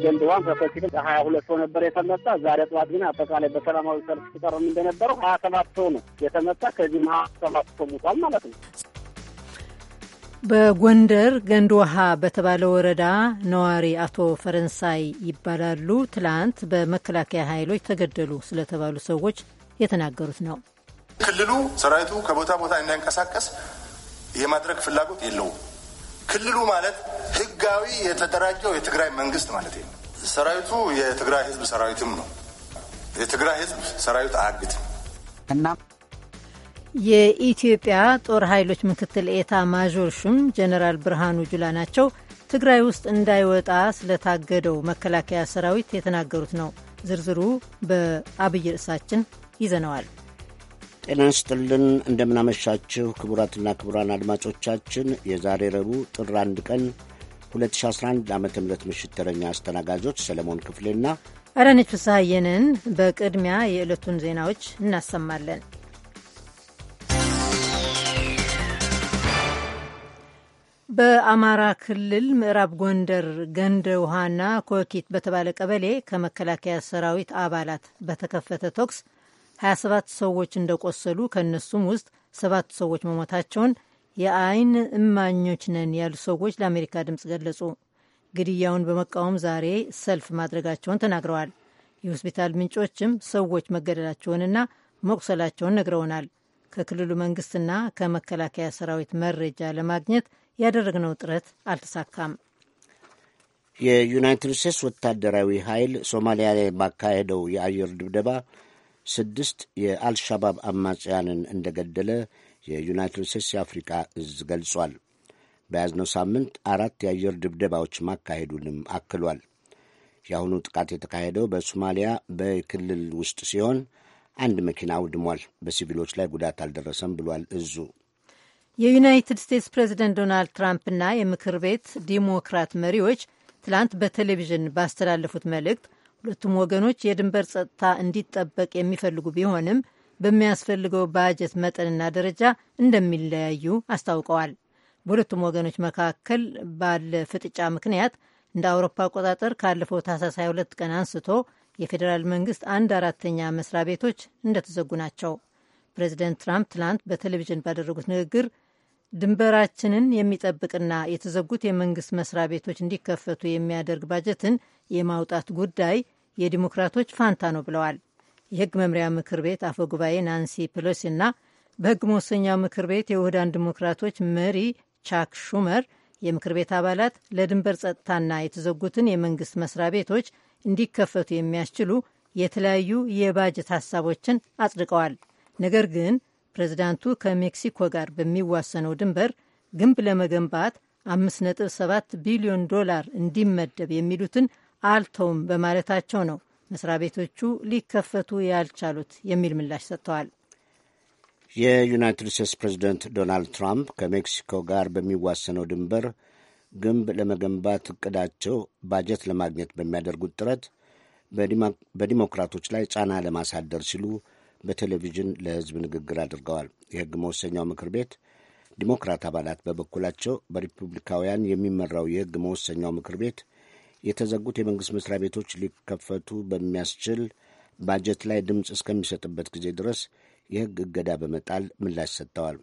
ተገንድዋን ከፈሲል ሀያ ሁለት ሰው ነበር የተመታ። ዛሬ ጠዋት ግን አጠቃላይ በሰላማዊ ሰልፍ ሲቀርም እንደነበረው ሀያ ሰባት ሰው ነው የተመታ። ከዚህም ሀያ ሰባት ሰው ሙቷል ማለት ነው። በጎንደር ገንድ ውሃ በተባለ ወረዳ ነዋሪ አቶ ፈረንሳይ ይባላሉ። ትላንት በመከላከያ ኃይሎች ተገደሉ ስለተባሉ ሰዎች የተናገሩት ነው። ክልሉ ሰራዊቱ ከቦታ ቦታ እንዳይንቀሳቀስ የማድረግ ፍላጎት የለውም። ክልሉ ማለት ህጋዊ የተደራጀው የትግራይ መንግስት ማለት ነው። ሰራዊቱ የትግራይ ህዝብ ሰራዊትም ነው። የትግራይ ህዝብ ሰራዊት አያግትም እና የኢትዮጵያ ጦር ኃይሎች ምክትል ኤታ ማዦር ሹም ጀነራል ብርሃኑ ጁላ ናቸው። ትግራይ ውስጥ እንዳይወጣ ስለታገደው መከላከያ ሰራዊት የተናገሩት ነው። ዝርዝሩ በአብይ ርዕሳችን ይዘነዋል። ጤና ስጥልን፣ እንደምናመሻችሁ ክቡራትና ክቡራን አድማጮቻችን የዛሬ ረቡዕ ጥር አንድ ቀን 2011 ዓ ም ምሽት ተረኛ አስተናጋጆች ሰለሞን ክፍሌና አዳነች ፍስሐየንን። በቅድሚያ የዕለቱን ዜናዎች እናሰማለን። በአማራ ክልል ምዕራብ ጎንደር ገንደ ውሃና ኮኪት በተባለ ቀበሌ ከመከላከያ ሰራዊት አባላት በተከፈተ ተኩስ 27 ሰዎች እንደቆሰሉ ከእነሱም ውስጥ ሰባት ሰዎች መሞታቸውን የአይን እማኞች ነን ያሉ ሰዎች ለአሜሪካ ድምፅ ገለጹ። ግድያውን በመቃወም ዛሬ ሰልፍ ማድረጋቸውን ተናግረዋል። የሆስፒታል ምንጮችም ሰዎች መገደላቸውንና መቁሰላቸውን ነግረውናል። ከክልሉ መንግስትና ከመከላከያ ሰራዊት መረጃ ለማግኘት ያደረግነው ጥረት አልተሳካም። የዩናይትድ ስቴትስ ወታደራዊ ኃይል ሶማሊያ ላይ ባካሄደው የአየር ድብደባ ስድስት የአልሻባብ አማጽያንን እንደገደለ የዩናይትድ ስቴትስ የአፍሪካ እዝ ገልጿል። በያዝነው ሳምንት አራት የአየር ድብደባዎች ማካሄዱንም አክሏል። የአሁኑ ጥቃት የተካሄደው በሶማሊያ በክልል ውስጥ ሲሆን አንድ መኪና አውድሟል። በሲቪሎች ላይ ጉዳት አልደረሰም ብሏል እዙ። የዩናይትድ ስቴትስ ፕሬዚደንት ዶናልድ ትራምፕና የምክር ቤት ዲሞክራት መሪዎች ትላንት በቴሌቪዥን ባስተላለፉት መልእክት ሁለቱም ወገኖች የድንበር ጸጥታ እንዲጠበቅ የሚፈልጉ ቢሆንም በሚያስፈልገው ባጀት መጠንና ደረጃ እንደሚለያዩ አስታውቀዋል። በሁለቱም ወገኖች መካከል ባለ ፍጥጫ ምክንያት እንደ አውሮፓ አቆጣጠር ካለፈው ታህሳስ 22 ቀን አንስቶ የፌዴራል መንግስት አንድ አራተኛ መስሪያ ቤቶች እንደተዘጉ ናቸው። ፕሬዚደንት ትራምፕ ትላንት በቴሌቪዥን ባደረጉት ንግግር ድንበራችንን የሚጠብቅና የተዘጉት የመንግስት መስሪያ ቤቶች እንዲከፈቱ የሚያደርግ ባጀትን የማውጣት ጉዳይ የዲሞክራቶች ፋንታ ነው ብለዋል። የህግ መምሪያ ምክር ቤት አፈ ጉባኤ ናንሲ እና በህግ መወሰኛው ምክር ቤት የውህዳን ዲሞክራቶች መሪ ቻክ ሹመር የምክር ቤት አባላት ለድንበር ጸጥታና የተዘጉትን የመንግስት መስሪያ ቤቶች እንዲከፈቱ የሚያስችሉ የተለያዩ የባጀት ሀሳቦችን አጽድቀዋል። ነገር ግን ፕሬዚዳንቱ ከሜክሲኮ ጋር በሚዋሰነው ድንበር ግንብ ለመገንባት 5.7 ቢሊዮን ዶላር እንዲመደብ የሚሉትን አልተውም በማለታቸው ነው መስሪያ ቤቶቹ ሊከፈቱ ያልቻሉት የሚል ምላሽ ሰጥተዋል። የዩናይትድ ስቴትስ ፕሬዚደንት ዶናልድ ትራምፕ ከሜክሲኮ ጋር በሚዋሰነው ድንበር ግንብ ለመገንባት እቅዳቸው ባጀት ለማግኘት በሚያደርጉት ጥረት በዲሞክራቶች ላይ ጫና ለማሳደር ሲሉ በቴሌቪዥን ለሕዝብ ንግግር አድርገዋል። የሕግ መወሰኛው ምክር ቤት ዲሞክራት አባላት በበኩላቸው በሪፑብሊካውያን የሚመራው የሕግ መወሰኛው ምክር ቤት የተዘጉት የመንግሥት መስሪያ ቤቶች ሊከፈቱ በሚያስችል ባጀት ላይ ድምፅ እስከሚሰጥበት ጊዜ ድረስ የሕግ እገዳ በመጣል ምላሽ ሰጥተዋል።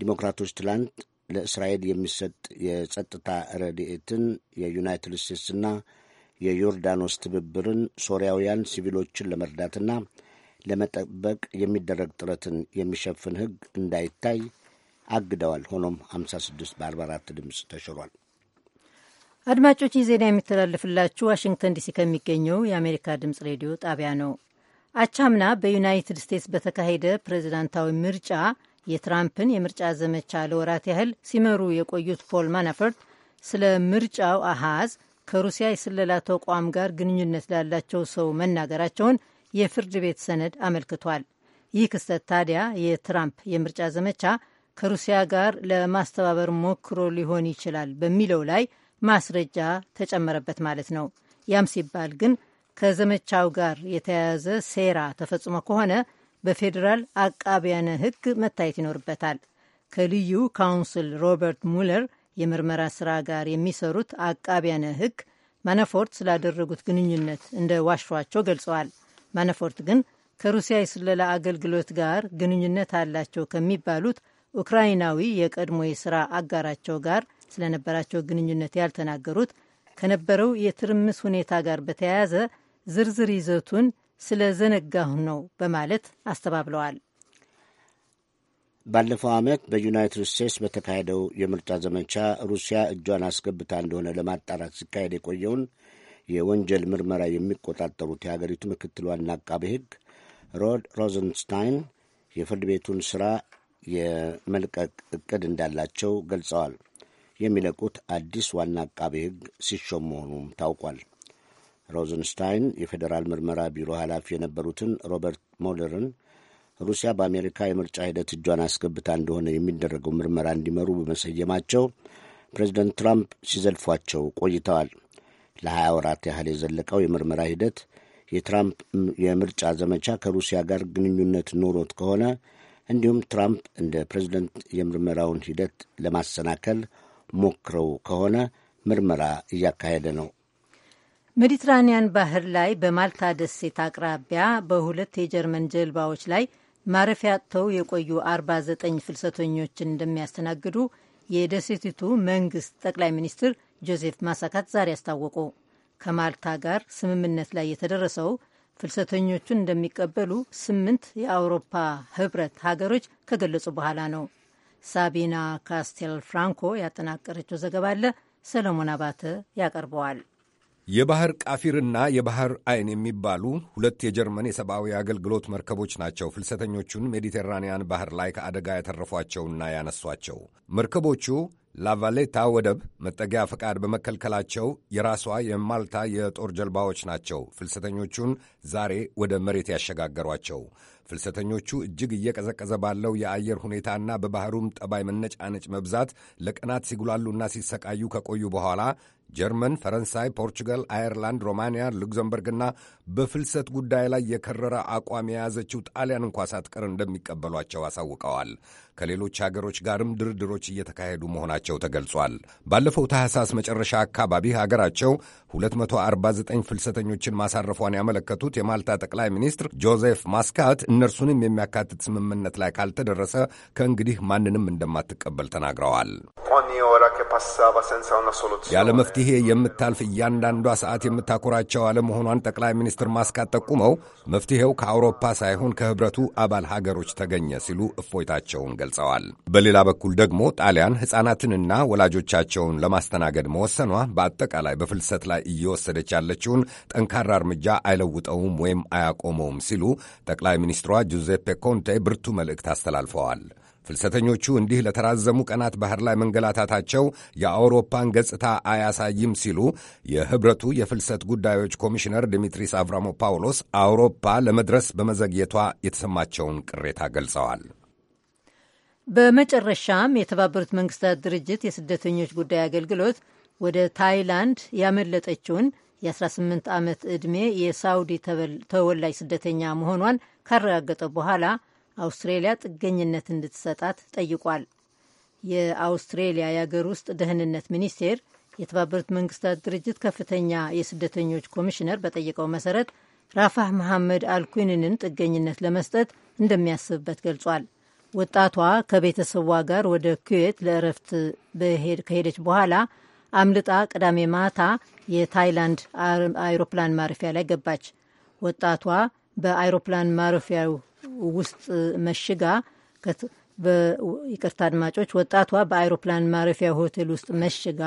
ዲሞክራቶች ትላንት ለእስራኤል የሚሰጥ የጸጥታ ረድኤትን፣ የዩናይትድ ስቴትስና የዮርዳኖስ ትብብርን፣ ሶሪያውያን ሲቪሎችን ለመርዳትና ለመጠበቅ የሚደረግ ጥረትን የሚሸፍን ሕግ እንዳይታይ አግደዋል። ሆኖም 56 በ44 ድምፅ ተሽሯል። አድማጮች ይህ ዜና የሚተላለፍላችሁ ዋሽንግተን ዲሲ ከሚገኘው የአሜሪካ ድምፅ ሬዲዮ ጣቢያ ነው። አቻምና በዩናይትድ ስቴትስ በተካሄደ ፕሬዝዳንታዊ ምርጫ የትራምፕን የምርጫ ዘመቻ ለወራት ያህል ሲመሩ የቆዩት ፖል ማናፈርት ስለ ምርጫው አሃዝ ከሩሲያ የስለላ ተቋም ጋር ግንኙነት ላላቸው ሰው መናገራቸውን የፍርድ ቤት ሰነድ አመልክቷል። ይህ ክስተት ታዲያ የትራምፕ የምርጫ ዘመቻ ከሩሲያ ጋር ለማስተባበር ሞክሮ ሊሆን ይችላል በሚለው ላይ ማስረጃ ተጨመረበት ማለት ነው። ያም ሲባል ግን ከዘመቻው ጋር የተያያዘ ሴራ ተፈጽሞ ከሆነ በፌዴራል አቃቢያነ ሕግ መታየት ይኖርበታል። ከልዩ ካውንስል ሮበርት ሙለር የምርመራ ስራ ጋር የሚሰሩት አቃቢያነ ሕግ ማናፎርት ስላደረጉት ግንኙነት እንደ ዋሿቸው ገልጸዋል። ማነፎርት ግን ከሩሲያ የስለላ አገልግሎት ጋር ግንኙነት አላቸው ከሚባሉት ኡክራይናዊ የቀድሞ የሥራ አጋራቸው ጋር ስለነበራቸው ግንኙነት ያልተናገሩት ከነበረው የትርምስ ሁኔታ ጋር በተያያዘ ዝርዝር ይዘቱን ስለዘነጋሁ ነው በማለት አስተባብለዋል። ባለፈው ዓመት በዩናይትድ ስቴትስ በተካሄደው የምርጫ ዘመቻ ሩሲያ እጇን አስገብታ እንደሆነ ለማጣራት ሲካሄድ የቆየውን የወንጀል ምርመራ የሚቆጣጠሩት የሀገሪቱ ምክትል ዋና አቃቤ ሕግ ሮድ ሮዘንስታይን የፍርድ ቤቱን ስራ የመልቀቅ እቅድ እንዳላቸው ገልጸዋል። የሚለቁት አዲስ ዋና አቃቤ ሕግ ሲሾም መሆኑም ታውቋል። ሮዘንስታይን የፌዴራል ምርመራ ቢሮ ኃላፊ የነበሩትን ሮበርት ሞለርን ሩሲያ በአሜሪካ የምርጫ ሂደት እጇን አስገብታ እንደሆነ የሚደረገው ምርመራ እንዲመሩ በመሰየማቸው ፕሬዚደንት ትራምፕ ሲዘልፏቸው ቆይተዋል። ለ20 ወራት ያህል የዘለቀው የምርመራ ሂደት የትራምፕ የምርጫ ዘመቻ ከሩሲያ ጋር ግንኙነት ኖሮት ከሆነ እንዲሁም ትራምፕ እንደ ፕሬዝደንት የምርመራውን ሂደት ለማሰናከል ሞክረው ከሆነ ምርመራ እያካሄደ ነው። ሜዲትራኒያን ባህር ላይ በማልታ ደሴት አቅራቢያ በሁለት የጀርመን ጀልባዎች ላይ ማረፊያ አጥተው የቆዩ 49 ፍልሰተኞችን እንደሚያስተናግዱ የደሴቲቱ መንግስት ጠቅላይ ሚኒስትር ጆዜፍ ማሳካት ዛሬ አስታወቁ። ከማልታ ጋር ስምምነት ላይ የተደረሰው ፍልሰተኞቹን እንደሚቀበሉ ስምንት የአውሮፓ ህብረት ሀገሮች ከገለጹ በኋላ ነው። ሳቢና ካስቴል ፍራንኮ ያጠናቀረችው ዘገባ አለ። ሰለሞን አባተ ያቀርበዋል። የባህር ቃፊርና የባህር አይን የሚባሉ ሁለት የጀርመን የሰብአዊ አገልግሎት መርከቦች ናቸው ፍልሰተኞቹን ሜዲቴራንያን ባህር ላይ ከአደጋ ያተረፏቸውና ያነሷቸው መርከቦቹ ላቫሌታ ወደብ መጠጊያ ፈቃድ በመከልከላቸው የራሷ የማልታ የጦር ጀልባዎች ናቸው ፍልሰተኞቹን ዛሬ ወደ መሬት ያሸጋገሯቸው። ፍልሰተኞቹ እጅግ እየቀዘቀዘ ባለው የአየር ሁኔታና በባህሩም ጠባይ መነጫነጭ መብዛት ለቀናት ሲጉላሉና ሲሰቃዩ ከቆዩ በኋላ ጀርመን፣ ፈረንሳይ፣ ፖርቹጋል፣ አየርላንድ፣ ሮማንያ፣ ሉክዘምበርግና በፍልሰት ጉዳይ ላይ የከረረ አቋም የያዘችው ጣሊያን እንኳ ሳትቀር እንደሚቀበሏቸው አሳውቀዋል። ከሌሎች ሀገሮች ጋርም ድርድሮች እየተካሄዱ መሆናቸው ተገልጿል። ባለፈው ታህሳስ መጨረሻ አካባቢ ሀገራቸው 249 ፍልሰተኞችን ማሳረፏን ያመለከቱት የማልታ ጠቅላይ ሚኒስትር ጆዜፍ ማስካት እነርሱንም የሚያካትት ስምምነት ላይ ካልተደረሰ ከእንግዲህ ማንንም እንደማትቀበል ተናግረዋል። ያለ መፍትሄ የምታልፍ እያንዳንዷ ሰዓት የምታኮራቸው አለመሆኗን ጠቅላይ ሚኒስትር ማስካት ጠቁመው መፍትሄው ከአውሮፓ ሳይሆን ከህብረቱ አባል ሀገሮች ተገኘ ሲሉ እፎይታቸውን ገልጸዋል። በሌላ በኩል ደግሞ ጣሊያን ሕፃናትንና ወላጆቻቸውን ለማስተናገድ መወሰኗ በአጠቃላይ በፍልሰት ላይ እየወሰደች ያለችውን ጠንካራ እርምጃ አይለውጠውም ወይም አያቆመውም ሲሉ ጠቅላይ ሚኒስትሯ ጁዜፔ ኮንቴ ብርቱ መልእክት አስተላልፈዋል። ፍልሰተኞቹ እንዲህ ለተራዘሙ ቀናት ባህር ላይ መንገላታታቸው የአውሮፓን ገጽታ አያሳይም ሲሉ የህብረቱ የፍልሰት ጉዳዮች ኮሚሽነር ዲሚትሪስ ፓውሎስ አውሮፓ ለመድረስ በመዘግየቷ የተሰማቸውን ቅሬታ ገልጸዋል። በመጨረሻም የተባበሩት መንግስታት ድርጅት የስደተኞች ጉዳይ አገልግሎት ወደ ታይላንድ ያመለጠችውን የ18 ዓመት ዕድሜ የሳውዲ ተወላጅ ስደተኛ መሆኗን ካረጋገጠ በኋላ አውስትሬሊያ ጥገኝነት እንድትሰጣት ጠይቋል። የአውስትሬሊያ የአገር ውስጥ ደህንነት ሚኒስቴር የተባበሩት መንግስታት ድርጅት ከፍተኛ የስደተኞች ኮሚሽነር በጠየቀው መሰረት ራፋህ መሐመድ አልኩንንን ጥገኝነት ለመስጠት እንደሚያስብበት ገልጿል። ወጣቷ ከቤተሰቧ ጋር ወደ ኩዌት ለእረፍት ከሄደች በኋላ አምልጣ ቅዳሜ ማታ የታይላንድ አይሮፕላን ማረፊያ ላይ ገባች። ወጣቷ በአይሮፕላን ማረፊያው ውስጥ መሽጋ ይቅርታ አድማጮች፣ ወጣቷ በአይሮፕላን ማረፊያ ሆቴል ውስጥ መሽጋ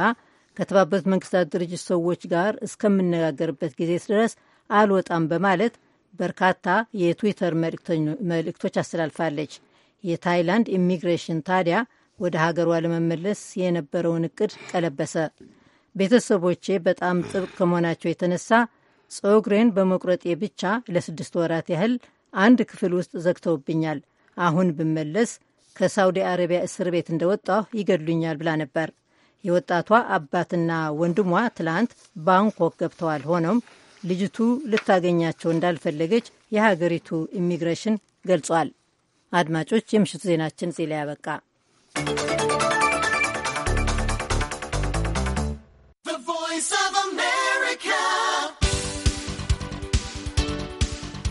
ከተባበሩት መንግስታት ድርጅት ሰዎች ጋር እስከምነጋገርበት ጊዜ ድረስ አልወጣም በማለት በርካታ የትዊተር መልእክቶች አስተላልፋለች። የታይላንድ ኢሚግሬሽን ታዲያ ወደ ሀገሯ ለመመለስ የነበረውን እቅድ ቀለበሰ። ቤተሰቦቼ በጣም ጥብቅ ከመሆናቸው የተነሳ ጸጉሬን በመቁረጤ ብቻ ለስድስት ወራት ያህል አንድ ክፍል ውስጥ ዘግተውብኛል። አሁን ብመለስ ከሳውዲ አረቢያ እስር ቤት እንደወጣሁ ይገድሉኛል ብላ ነበር። የወጣቷ አባትና ወንድሟ ትላንት ባንኮክ ገብተዋል። ሆኖም ልጅቱ ልታገኛቸው እንዳልፈለገች የሀገሪቱ ኢሚግሬሽን ገልጿል። አድማጮች፣ የምሽቱ ዜናችን ዜላ ያበቃ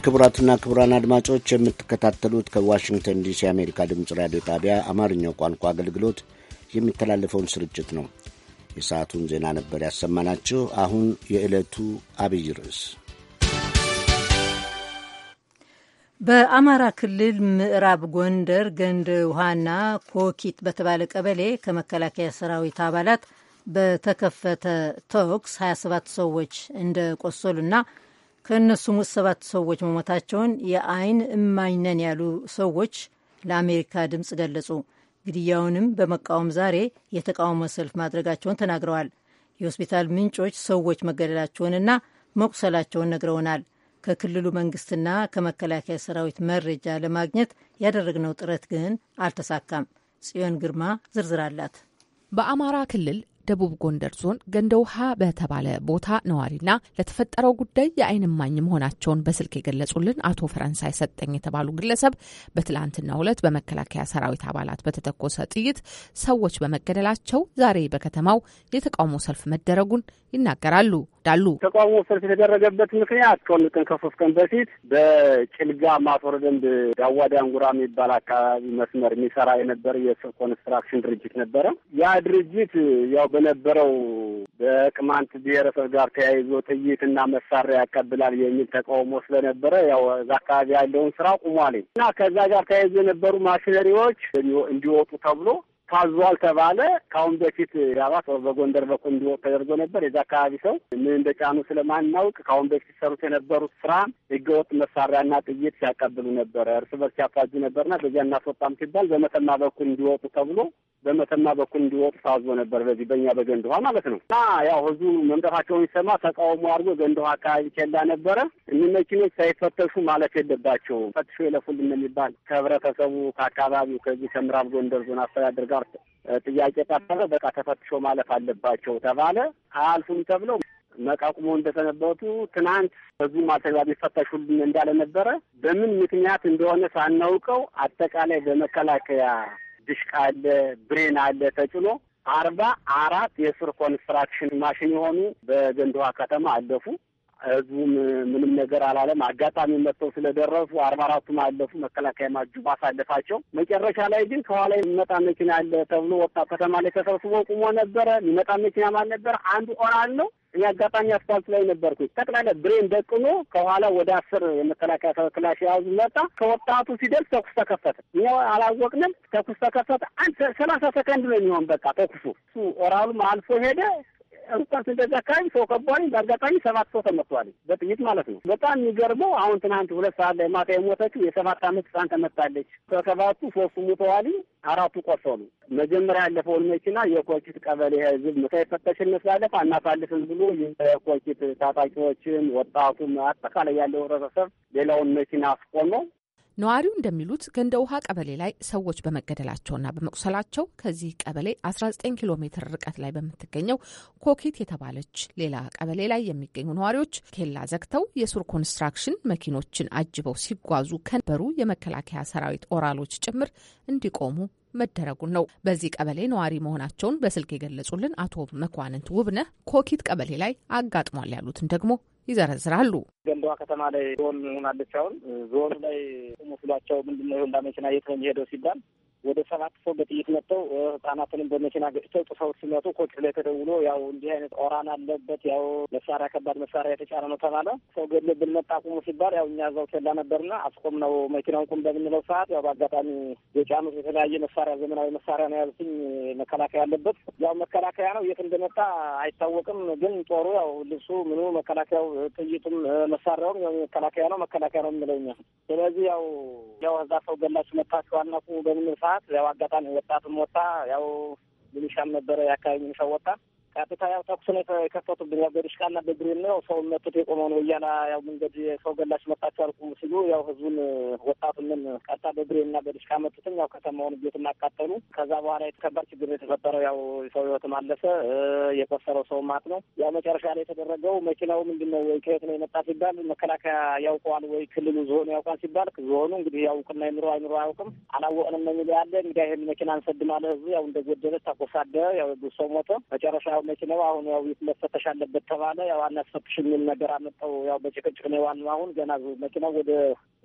ክቡራትና ክቡራን አድማጮች የምትከታተሉት ከዋሽንግተን ዲሲ የአሜሪካ ድምፅ ራዲዮ ጣቢያ አማርኛው ቋንቋ አገልግሎት የሚተላለፈውን ስርጭት ነው። የሰዓቱን ዜና ነበር ያሰማናችሁ። አሁን የዕለቱ አብይ ርዕስ በአማራ ክልል ምዕራብ ጎንደር ገንደ ውሃና ኮኪት በተባለ ቀበሌ ከመከላከያ ሰራዊት አባላት በተከፈተ ተኩስ 27 ሰዎች እንደቆሰሉና ከእነሱም ውስጥ ሰባት ሰዎች መሞታቸውን የአይን እማኝ ነን ያሉ ሰዎች ለአሜሪካ ድምፅ ገለጹ። ግድያውንም በመቃወም ዛሬ የተቃውሞ ሰልፍ ማድረጋቸውን ተናግረዋል። የሆስፒታል ምንጮች ሰዎች መገደላቸውንና መቁሰላቸውን ነግረውናል። ከክልሉ መንግስትና ከመከላከያ ሰራዊት መረጃ ለማግኘት ያደረግነው ጥረት ግን አልተሳካም። ጽዮን ግርማ ዝርዝር አላት። በአማራ ክልል ደቡብ ጎንደር ዞን ገንደ ውሃ በተባለ ቦታ ነዋሪና ለተፈጠረው ጉዳይ የዓይን እማኝ መሆናቸውን በስልክ የገለጹልን አቶ ፈረንሳይ ሰጠኝ የተባሉ ግለሰብ በትላንትናው ዕለት በመከላከያ ሰራዊት አባላት በተተኮሰ ጥይት ሰዎች በመገደላቸው ዛሬ በከተማው የተቃውሞ ሰልፍ መደረጉን ይናገራሉ። ያስረዳሉ። ተቃውሞ ሰልፍ የተደረገበት ምክንያት ከሁለት ቀን ከሶስት ቀን በፊት በጭልጋ ማቶር ደንብ ዳዋ ዳንጉራ የሚባል አካባቢ መስመር የሚሰራ የነበረ የስር ኮንስትራክሽን ድርጅት ነበረ። ያ ድርጅት ያው በነበረው በቅማንት ብሔረሰብ ጋር ተያይዞ ጥይትና መሳሪያ ያቀብላል የሚል ተቃውሞ ስለነበረ ያው እዛ አካባቢ ያለውን ስራ ቁሟል እና ከዛ ጋር ተያይዞ የነበሩ ማሽነሪዎች እንዲወጡ ተብሎ ታዟል ተባለ። ከአሁን በፊት ያባት በጎንደር በኩል እንዲወጥ ተደርጎ ነበር። የዛ አካባቢ ሰው ምን እንደጫኑ ስለማናውቅ ከአሁን በፊት ሲሰሩት የነበሩት ስራ ህገወጥ መሳሪያና ጥይት ሲያቀብሉ ነበረ፣ እርስ በርስ ሲያፋጁ ነበርና በዚያ እናስወጣም ሲባል በመተማ በኩል እንዲወጡ ተብሎ በመተማ በኩል እንዲወጡ ታዞ ነበር። በዚህ በእኛ በገንድ ማለት ነው። እና ያው ህዝቡ መምጣታቸውን ሲሰማ ተቃውሞ አድርጎ ገንድ አካባቢ ኬላ ነበረ። እኒ መኪኖች ሳይፈተሹ ማለት የለባቸውም፣ ፈትሾ የለፉልን የሚባል ከህብረተሰቡ ከአካባቢው ከዚህ ከምዕራብ ጎንደር ዞን አስተዳደር ጋር ጥያቄ ቀረበ። በቃ ተፈትሾ ማለፍ አለባቸው ተባለ። አያልፉም ተብለው መቃቁሞ እንደሰነበቱ ትናንት በዙም አልተግባቢ ፈተሹልን እንዳለ ነበረ። በምን ምክንያት እንደሆነ ሳናውቀው አጠቃላይ በመከላከያ ድሽቃ አለ፣ ብሬን አለ ተጭኖ አርባ አራት የስር ኮንስትራክሽን ማሽን የሆኑ በገንድዋ ከተማ አለፉ። ህዝቡም ምንም ነገር አላለም። አጋጣሚ መጥተው ስለደረሱ አርባ አራቱም አለፉ። መከላከያ ማጁ ማሳለፋቸው መጨረሻ ላይ ግን ከኋላ የሚመጣ መኪና አለ ተብሎ ወጣት ከተማ ላይ ተሰብስቦ ቁሞ ነበረ። የሚመጣ መኪና ማን ነበር? አንዱ ኦራል ነው። እኔ አጋጣሚ አስፋልት ላይ ነበርኩ። ጠቅላላ ብሬን ደቅኖ ከኋላ ወደ አስር የመከላከያ ክላሽ የያዙ መጣ። ከወጣቱ ሲደርስ ተኩስ ተከፈተ። እኛ አላወቅንም። ተኩስ ተከፈተ። አንድ ሰላሳ ሰከንድ ነው የሚሆን በቃ ተኩሱ። እሱ ኦራሉም አልፎ ሄደ። እንኳን ስንደዛ አካባቢ ሰው ከቧኝ በአጋጣሚ ሰባት ሰው ተመቷል፣ በጥይት ማለት ነው። በጣም የሚገርመው አሁን ትናንት ሁለት ሰዓት ላይ ማታ የሞተችው የሰባት አመት ህፃን ተመታለች። ከሰባቱ ሶስቱ ሙተዋል፣ አራቱ ቆሰሉ። መጀመሪያ ያለፈውን መኪና የኮንኪት ቀበሌ ህዝብ ሳይፈተሽን ስላለፈ አናሳልፍም ብሎ የኮንኪት ታጣቂዎችን ወጣቱም አጠቃላይ ያለው ህብረተሰብ ሌላውን መኪና አስቆመው ነዋሪው እንደሚሉት ገንደ ውሃ ቀበሌ ላይ ሰዎች በመገደላቸውና በመቁሰላቸው ከዚህ ቀበሌ 19 ኪሎ ሜትር ርቀት ላይ በምትገኘው ኮኬት የተባለች ሌላ ቀበሌ ላይ የሚገኙ ነዋሪዎች ኬላ ዘግተው የሱር ኮንስትራክሽን መኪኖችን አጅበው ሲጓዙ ከነበሩ የመከላከያ ሰራዊት ኦራሎች ጭምር እንዲቆሙ መደረጉን ነው። በዚህ ቀበሌ ነዋሪ መሆናቸውን በስልክ የገለጹልን አቶ መኳንንት ውብነህ ኮኪት ቀበሌ ላይ አጋጥሟል ያሉትን ደግሞ ይዘረዝራሉ። ገንዳዋ ከተማ ላይ ዞን ሆናለች። አሁን ዞኑ ላይ ቁሙ ስሏቸው ምንድነው ሆንዳ መኪና የት ነው የሚሄደው ሲባል ወደ ሰባት ሰው በጥይት መጥተው ህጻናትንም በመኪና ገጭተው ጥሰውት ሲመጡ ኮጭ ላይ ተደውሎ ያው እንዲህ አይነት ኦራን አለበት ያው መሳሪያ ከባድ መሳሪያ የተጫነ ነው ተባለ። ሰው ገድልብን መጣ ቁሙ ሲባል ያው እኛ እዛው ኬላ ነበርና አስቆም ነው መኪናውን ቁም በምንለው ሰዓት ያው በአጋጣሚ የጫኑት የተለያየ መሳሪያ ዘመናዊ መሳሪያ ነው ያሉትኝ መከላከያ አለበት። ያው መከላከያ ነው የት እንደመጣ አይታወቅም። ግን ጦሩ ያው ልብሱ ምኑ መከላከያው ጥይቱም መሳሪያውም ያው መከላከያ ነው መከላከያ ነው የምንለው እኛ። ስለዚህ ያው ያው እዛ ሰው ገላችሁ መታችኋል አናቁ በምንል ሰዓት ሰዓት ያው አጋጣሚ ወጣትም ወጣ፣ ያው ሚሊሻም ነበረ የአካባቢ ሚሊሻ ወጣ። ቀጥታ ያው ተኩስ ነው የከፈቱብኝ። ያው በዲሽቃ በብሬን ነው ሰው መጡት የቆመው ነው እያለ ያው መንገድ ሰው ገላች መጣች አልቁሙ ሲሉ ያው ህዝቡን ወጣቱን ምን ቀጥታ በብሬን እና በዲሽቃ መጡትም። ያው ከተማውን ቤት እናቃጠሉ። ከዛ በኋላ የተከባድ ችግር የተፈጠረው ያው ሰው ህይወት ማለፈ የቆሰረው ሰው ማት ነው። ያው መጨረሻ ላይ የተደረገው መኪናው ምንድን ነው ወይ ከየት ነው የመጣ ሲባል መከላከያ ያውቀዋል ወይ ክልሉ ዝሆኑ ያውቃል ሲባል ዞኑ እንግዲህ ያው እውቅና ይኑሮ አይኑሮ አያውቅም አላወቅንም የሚል ያለ እንግዲህ ይህን መኪና አንሰድም አለ ህዝቡ። ያው እንደጎደለ ታኮሳደ ያው ሰው ሞተ መጨረሻ መኪናው አሁን ያው መፈተሽ አለበት ተባለ። ያው አናስፈትሽ የሚል ነገር አመጣው። ያው በጭቅጭቅ ነው ዋናው። አሁን ገና መኪናው ወደ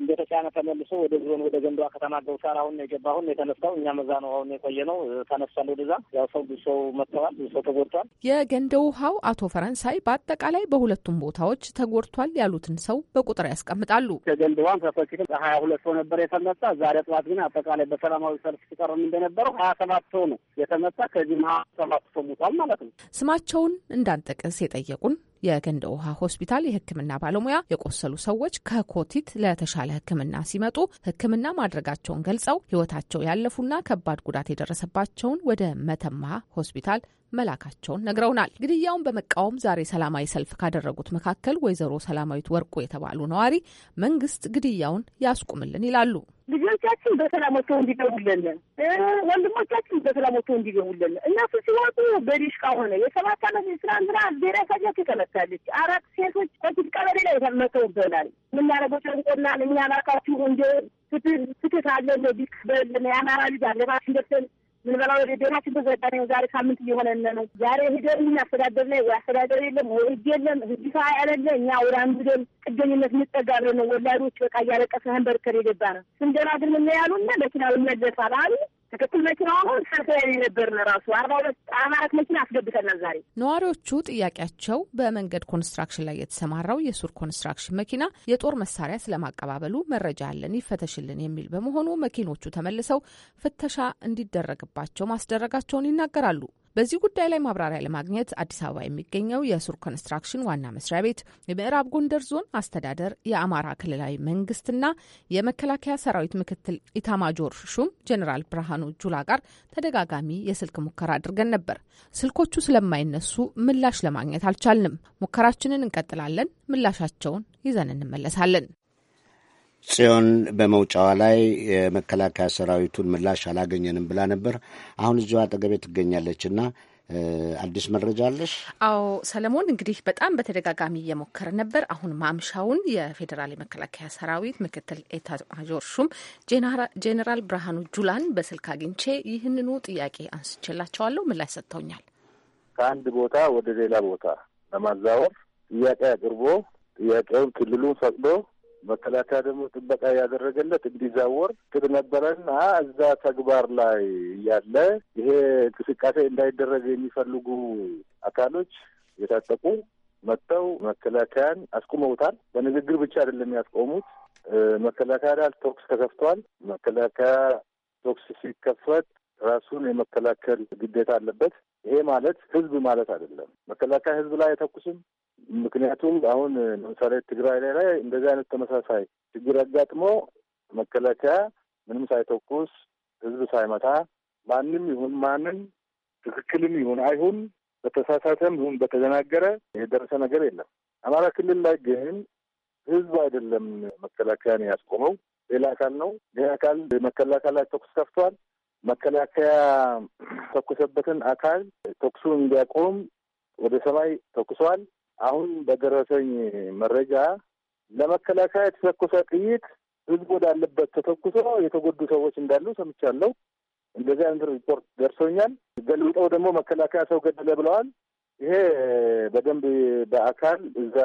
እንደተጫነ ተመልሶ ወደ ዞን ወደ ገንዷ ከተማ ገብቷል። አሁን የገባ አሁን የተነሳው እኛ መዛ ነው አሁን የቆየ ነው ተነሳል። ወደዛ ያው ሰው ብዙ ሰው መጥተዋል። ብዙ ሰው ተጎድቷል። የገንደ ውሃው አቶ ፈረንሳይ በአጠቃላይ በሁለቱም ቦታዎች ተጎድቷል ያሉትን ሰው በቁጥር ያስቀምጣሉ። ከገንደ ውሃም ከፈኪትም ሀያ ሁለት ሰው ነበር የተመጣ። ዛሬ ጠዋት ግን አጠቃላይ በሰላማዊ ሰልፍ ሲቀርም እንደነበረው ሀያ ሰባት ሰው ነው የተመጣ። ከዚህ ሀያ ሰባት ሰው ሙቷል ማለት ነው። ስማቸውን እንዳንጠቅስ የጠየቁን የገንደ ውሃ ሆስፒታል የሕክምና ባለሙያ የቆሰሉ ሰዎች ከኮቲት ለተሻለ ሕክምና ሲመጡ ሕክምና ማድረጋቸውን ገልጸው ሕይወታቸው ያለፉና ከባድ ጉዳት የደረሰባቸውን ወደ መተማ ሆስፒታል መላካቸውን ነግረውናል። ግድያውን በመቃወም ዛሬ ሰላማዊ ሰልፍ ካደረጉት መካከል ወይዘሮ ሰላማዊት ወርቁ የተባሉ ነዋሪ መንግስት ግድያውን ያስቁምልን ይላሉ። ልጆቻችን በሰላም ወጥቶ እንዲገቡልን፣ ወንድሞቻችን በሰላም ወጥቶ እንዲገቡልን። እነሱ ሲወጡ በዲሽቃ ሆነ የሰባት ዓመት የስራንስራ ቤረሰጃቸው ተመታለች። አራት ሴቶች በፊት ቀበሌ ላይ መተውበናል። የምናደርገው ጨንቆናል። እኛ እባካችሁ እንደ ፍትህ ፍትህ አለን ቢክ የአማራ ልጅ አለባችን ገብተን ምንበላው ዴናችን ተዘጋ ነው። ዛሬ ሳምንት እየሆነን ነው። ዛሬ ሂደን ምን አስተዳደር ላይ ወይ አስተዳደር የለም ወይ ህግ የለም። ህግ ሰ ያለለ እኛ ወደ አንዱ ደል ጥገኝነት እንጠጋ ብለን ነው ወላዶች በቃ እያለቀስን ህንበርከር የገባ ነው። ስንደናግር ምና ያሉና መኪና ብመለሳል አሉ ትክክል መኪና አሁን ሰፈያዊ ነበር ለራሱ አርባ ሁለት አማራት መኪና አስገብተናል ዛሬ። ነዋሪዎቹ ጥያቄያቸው በመንገድ ኮንስትራክሽን ላይ የተሰማራው የሱር ኮንስትራክሽን መኪና የጦር መሳሪያ ስለማቀባበሉ መረጃ አለን ይፈተሽልን የሚል በመሆኑ መኪኖቹ ተመልሰው ፍተሻ እንዲደረግባቸው ማስደረጋቸውን ይናገራሉ። በዚህ ጉዳይ ላይ ማብራሪያ ለማግኘት አዲስ አበባ የሚገኘው የሱር ኮንስትራክሽን ዋና መስሪያ ቤት፣ የምዕራብ ጎንደር ዞን አስተዳደር፣ የአማራ ክልላዊ መንግስትና የመከላከያ ሰራዊት ምክትል ኢታማጆር ሹም ጀኔራል ብርሃኑ ጁላ ጋር ተደጋጋሚ የስልክ ሙከራ አድርገን ነበር። ስልኮቹ ስለማይነሱ ምላሽ ለማግኘት አልቻልንም። ሙከራችንን እንቀጥላለን። ምላሻቸውን ይዘን እንመለሳለን። ጽዮን በመውጫዋ ላይ የመከላከያ ሰራዊቱን ምላሽ አላገኘንም ብላ ነበር። አሁን እዚሁ አጠገቤ ትገኛለች እና አዲስ መረጃ አለሽ? አዎ ሰለሞን፣ እንግዲህ በጣም በተደጋጋሚ እየሞከረ ነበር። አሁን ማምሻውን የፌዴራል የመከላከያ ሰራዊት ምክትል ኤታ ማዦር ሹም ጄኔራል ብርሃኑ ጁላን በስልክ አግኝቼ ይህንኑ ጥያቄ አንስቼላቸዋለሁ። ምላሽ ሰጥተውኛል። ከአንድ ቦታ ወደ ሌላ ቦታ ለማዛወር ጥያቄ አቅርቦ ጥያቄውን ክልሉን ፈቅዶ መከላከያ ደግሞ ጥበቃ ያደረገለት እንዲዛወር ቅድ ነበረን። እዛ ተግባር ላይ ያለ ይሄ እንቅስቃሴ እንዳይደረግ የሚፈልጉ አካሎች የታጠቁ መጥተው መከላከያን አስቁመውታል። በንግግር ብቻ አይደለም ያስቆሙት። መከላከያ ዳል ቶክስ ተከፍቷል። መከላከያ ቶክስ ሲከፈት ራሱን የመከላከል ግዴታ አለበት። ይሄ ማለት ህዝብ ማለት አይደለም። መከላከያ ህዝብ ላይ አይተኩስም፣ ምክንያቱም አሁን ለምሳሌ ትግራይ ላይ ላይ እንደዚህ አይነት ተመሳሳይ ችግር አጋጥሞ መከላከያ ምንም ሳይተኩስ ህዝብ ሳይመታ ማንም ይሁን ማንም ትክክልም ይሁን አይሁን በተሳሳተም ይሁን በተደናገረ የደረሰ ነገር የለም። አማራ ክልል ላይ ግን ህዝብ አይደለም መከላከያን ያስቆመው፣ ሌላ አካል ነው። ይህ አካል መከላከያ ላይ ተኩስ ከፍቷል። መከላከያ ተኩሰበትን አካል ተኩሱ እንዲያቆም ወደ ሰማይ ተኩሷል። አሁን በደረሰኝ መረጃ ለመከላከያ የተተኮሰ ጥይት ህዝብ ወዳለበት ተተኩሶ የተጎዱ ሰዎች እንዳሉ ሰምቻለሁ። እንደዚህ አይነት ሪፖርት ደርሶኛል። ገልብጠው ደግሞ መከላከያ ሰው ገደለ ብለዋል። ይሄ በደንብ በአካል እዛ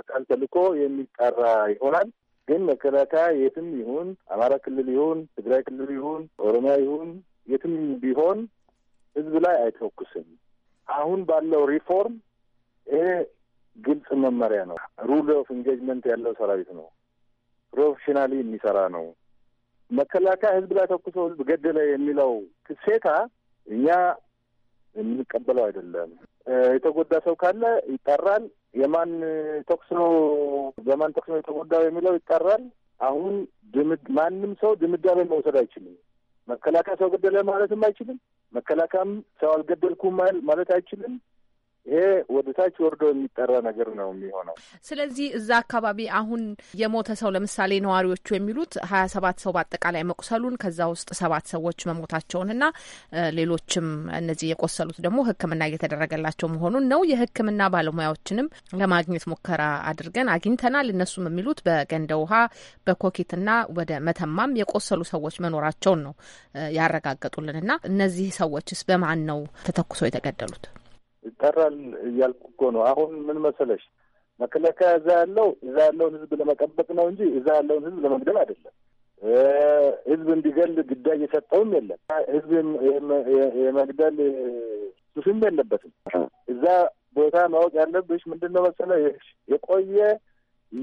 አካል ተልኮ የሚጣራ ይሆናል። ግን መከላከያ የትም ይሁን አማራ ክልል ይሁን ትግራይ ክልል ይሁን ኦሮሚያ ይሁን የትም ቢሆን ህዝብ ላይ አይተኩስም። አሁን ባለው ሪፎርም ይሄ ግልጽ መመሪያ ነው። ሩል ኦፍ ኢንጌጅመንት ያለው ሰራዊት ነው። ፕሮፌሽናሊ የሚሰራ ነው። መከላከያ ህዝብ ላይ ተኩሶ ህዝብ ገደለ የሚለው ክሴታ እኛ የምንቀበለው አይደለም። የተጎዳ ሰው ካለ ይጠራል። የማን ተኩስ ነው በማን ተኩስ ነው የተጎዳው የሚለው ይጠራል። አሁን ማንም ሰው ድምዳሜ መውሰድ አይችልም። መከላከያ ሰው ገደለ ማለትም አይችልም። መከላከያም ሰው አልገደልኩም ማለት አይችልም። ይሄ ወደ ታች ወርዶ የሚጠራ ነገር ነው የሚሆነው። ስለዚህ እዛ አካባቢ አሁን የሞተ ሰው ለምሳሌ ነዋሪዎቹ የሚሉት ሀያ ሰባት ሰው በአጠቃላይ መቁሰሉን ከዛ ውስጥ ሰባት ሰዎች መሞታቸውንና ሌሎችም እነዚህ የቆሰሉት ደግሞ ሕክምና እየተደረገላቸው መሆኑን ነው። የሕክምና ባለሙያዎችንም ለማግኘት ሙከራ አድርገን አግኝተናል። እነሱም የሚሉት በገንደ ውሃ በኮኬትና ወደ መተማም የቆሰሉ ሰዎች መኖራቸውን ነው ያረጋገጡልንና እነዚህ ሰዎችስ በማን ነው ተተኩሶ የተገደሉት? ይጠራል እያልኩ እኮ ነው። አሁን ምን መሰለሽ መከላከያ እዛ ያለው እዛ ያለውን ህዝብ ለመጠበቅ ነው እንጂ እዛ ያለውን ህዝብ ለመግደል አይደለም። ህዝብ እንዲገል ግዳይ የሰጠውም የለም። ህዝብ የመግደል ሱስም የለበትም። እዛ ቦታ ማወቅ ያለብሽ ምንድን ነው መሰለሽ የቆየ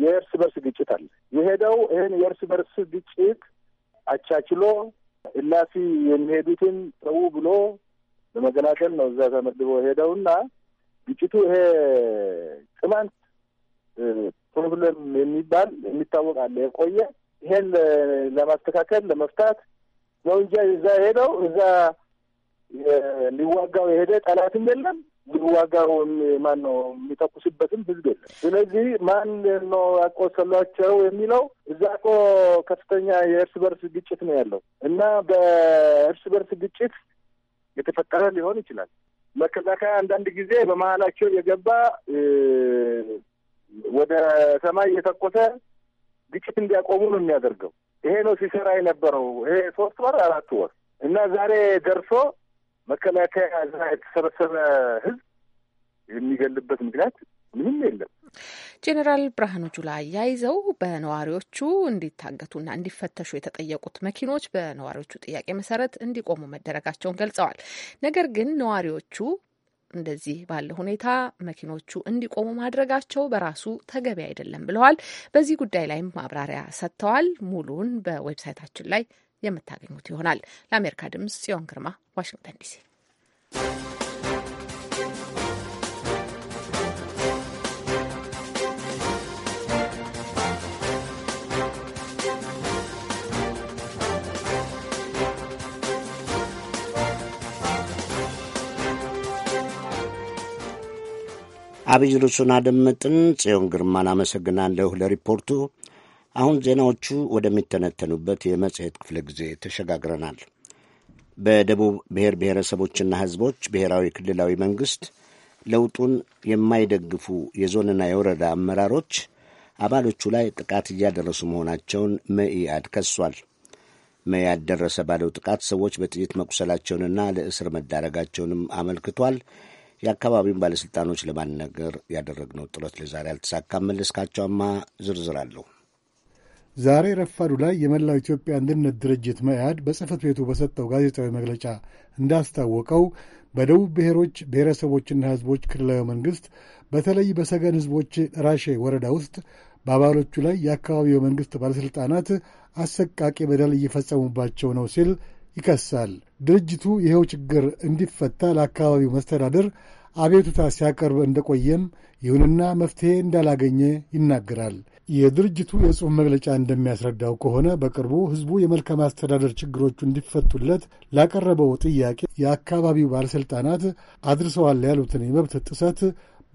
የእርስ በርስ ግጭት አለ። የሄደው ይህን የእርስ በርስ ግጭት አቻችሎ እላፊ የሚሄዱትን ተው ብሎ ለመገላገል ነው እዛ ተመድቦ ሄደውና ግጭቱ ይሄ ቅማንት ፕሮብለም የሚባል የሚታወቅ አለ የቆየ ይሄን ለማስተካከል ለመፍታት ነው እንጂ እዛ ሄደው እዛ ሊዋጋው የሄደ ጠላትም የለም ሊዋጋው ማን ነው የሚተኩስበትም ህዝብ የለም። ስለዚህ ማን ነው ያቆሰሏቸው የሚለው እዛ እኮ ከፍተኛ የእርስ በርስ ግጭት ነው ያለው እና በእርስ በርስ ግጭት የተፈጠረ ሊሆን ይችላል። መከላከያ አንዳንድ ጊዜ በመሀላቸው የገባ ወደ ሰማይ እየተኮሰ ግጭት እንዲያቆሙ ነው የሚያደርገው። ይሄ ነው ሲሰራ የነበረው ይሄ ሶስት ወር አራት ወር እና ዛሬ ደርሶ መከላከያ የተሰበሰበ ህዝብ የሚገልበት ምክንያት ምንም የለም። ጄኔራል ብርሃኑ ጁላ አያይዘው በነዋሪዎቹ እንዲታገቱና እንዲፈተሹ የተጠየቁት መኪኖች በነዋሪዎቹ ጥያቄ መሰረት እንዲቆሙ መደረጋቸውን ገልጸዋል። ነገር ግን ነዋሪዎቹ እንደዚህ ባለ ሁኔታ መኪኖቹ እንዲቆሙ ማድረጋቸው በራሱ ተገቢ አይደለም ብለዋል። በዚህ ጉዳይ ላይም ማብራሪያ ሰጥተዋል። ሙሉን በዌብሳይታችን ላይ የምታገኙት ይሆናል። ለአሜሪካ ድምጽ ጽዮን ግርማ ዋሽንግተን ዲሲ። አብይ ርዕሱን አደመጥን። ጽዮን ግርማን አመሰግናለሁ ለሪፖርቱ። አሁን ዜናዎቹ ወደሚተነተኑበት የመጽሔት ክፍለ ጊዜ ተሸጋግረናል። በደቡብ ብሔር ብሔረሰቦችና ሕዝቦች ብሔራዊ ክልላዊ መንግሥት ለውጡን የማይደግፉ የዞንና የወረዳ አመራሮች አባሎቹ ላይ ጥቃት እያደረሱ መሆናቸውን መኢአድ ከሷል። መኢአድ ደረሰ ባለው ጥቃት ሰዎች በጥይት መቁሰላቸውንና ለእስር መዳረጋቸውንም አመልክቷል። የአካባቢውን ባለሥልጣኖች ለማናገር ያደረግነው ጥረት ለዛሬ አልተሳካም። መለስካቸውማ ዝርዝር አለሁ። ዛሬ ረፋዱ ላይ የመላው ኢትዮጵያ አንድነት ድርጅት መኢአድ በጽህፈት ቤቱ በሰጠው ጋዜጣዊ መግለጫ እንዳስታወቀው በደቡብ ብሔሮች ብሔረሰቦችና ሕዝቦች ክልላዊ መንግሥት በተለይ በሰገን ሕዝቦች ራሼ ወረዳ ውስጥ በአባሎቹ ላይ የአካባቢው መንግሥት ባለሥልጣናት አሰቃቂ በደል እየፈጸሙባቸው ነው ሲል ይከሳል። ድርጅቱ ይኸው ችግር እንዲፈታ ለአካባቢው መስተዳደር አቤቱታ ሲያቀርብ እንደቆየም ይሁንና መፍትሔ እንዳላገኘ ይናገራል። የድርጅቱ የጽሑፍ መግለጫ እንደሚያስረዳው ከሆነ በቅርቡ ሕዝቡ የመልካም አስተዳደር ችግሮቹ እንዲፈቱለት ላቀረበው ጥያቄ የአካባቢው ባለሥልጣናት አድርሰዋል ያሉትን የመብት ጥሰት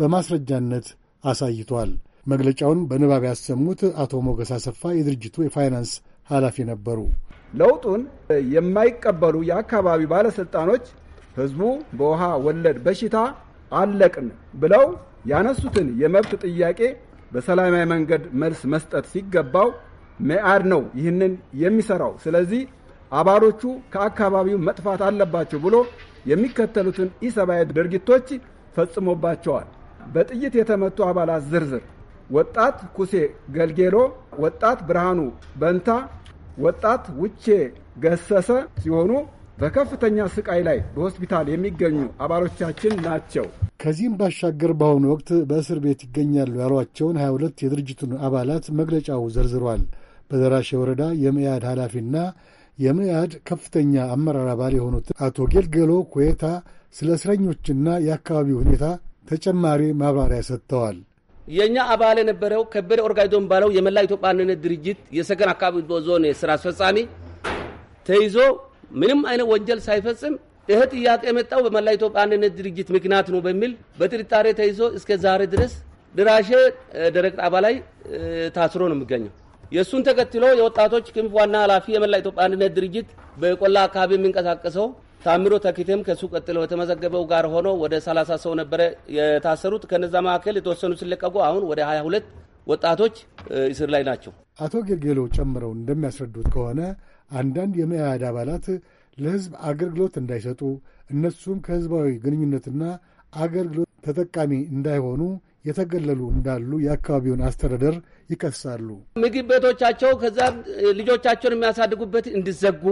በማስረጃነት አሳይቷል። መግለጫውን በንባብ ያሰሙት አቶ ሞገስ አሰፋ የድርጅቱ የፋይናንስ ኃላፊ ነበሩ። ለውጡን የማይቀበሉ የአካባቢ ባለስልጣኖች ህዝቡ በውሃ ወለድ በሽታ አለቅን ብለው ያነሱትን የመብት ጥያቄ በሰላማዊ መንገድ መልስ መስጠት ሲገባው መኢአድ ነው ይህንን የሚሰራው። ስለዚህ አባሎቹ ከአካባቢው መጥፋት አለባቸው ብሎ የሚከተሉትን ኢሰብአዊ ድርጊቶች ፈጽሞባቸዋል። በጥይት የተመቱ አባላት ዝርዝር ወጣት ኩሴ ገልጌሎ፣ ወጣት ብርሃኑ በንታ፣ ወጣት ውቼ ገሰሰ ሲሆኑ በከፍተኛ ስቃይ ላይ በሆስፒታል የሚገኙ አባሎቻችን ናቸው። ከዚህም ባሻገር በአሁኑ ወቅት በእስር ቤት ይገኛሉ ያሏቸውን 22 የድርጅቱን አባላት መግለጫው ዘርዝሯል። በዘራሽ ወረዳ የመያድ ኃላፊና የመያድ ከፍተኛ አመራር አባል የሆኑት አቶ ጌልገሎ ኩዌታ ስለ እስረኞችና የአካባቢው ሁኔታ ተጨማሪ ማብራሪያ ሰጥተዋል። የእኛ አባል የነበረው ከበደ ኦርጋይዞን ባለው የመላ ኢትዮጵያ አንድነት ድርጅት የሰገን አካባቢ ዞን የስራ አስፈጻሚ ተይዞ ምንም አይነት ወንጀል ሳይፈጽም ይህ ጥያቄ የመጣው በመላ ኢትዮጵያ አንድነት ድርጅት ምክንያት ነው በሚል በጥርጣሬ ተይዞ እስከ ዛሬ ድረስ ድራሼ ደረቅ ጣባ ላይ ታስሮ ነው የሚገኘው። የእሱን ተከትሎ የወጣቶች ክንፍ ዋና ኃላፊ የመላ ኢትዮጵያ አንድነት ድርጅት በቆላ አካባቢ የሚንቀሳቀሰው ታምሮ ተኪቴም ከሱ ቀጥሎ ተመዘገበው ጋር ሆኖ ወደ 30 ሰው ነበረ የታሰሩት። ከነዛ መካከል የተወሰኑ ሲለቀቁ አሁን ወደ 22 ወጣቶች እስር ላይ ናቸው። አቶ ጌርጌሎ ጨምረው እንደሚያስረዱት ከሆነ አንዳንድ የመያድ አባላት ለህዝብ አገልግሎት እንዳይሰጡ እነሱም ከህዝባዊ ግንኙነትና አገልግሎት ተጠቃሚ እንዳይሆኑ የተገለሉ እንዳሉ የአካባቢውን አስተዳደር ይከሳሉ። ምግብ ቤቶቻቸው ከዛ ልጆቻቸውን የሚያሳድጉበት እንዲዘጉ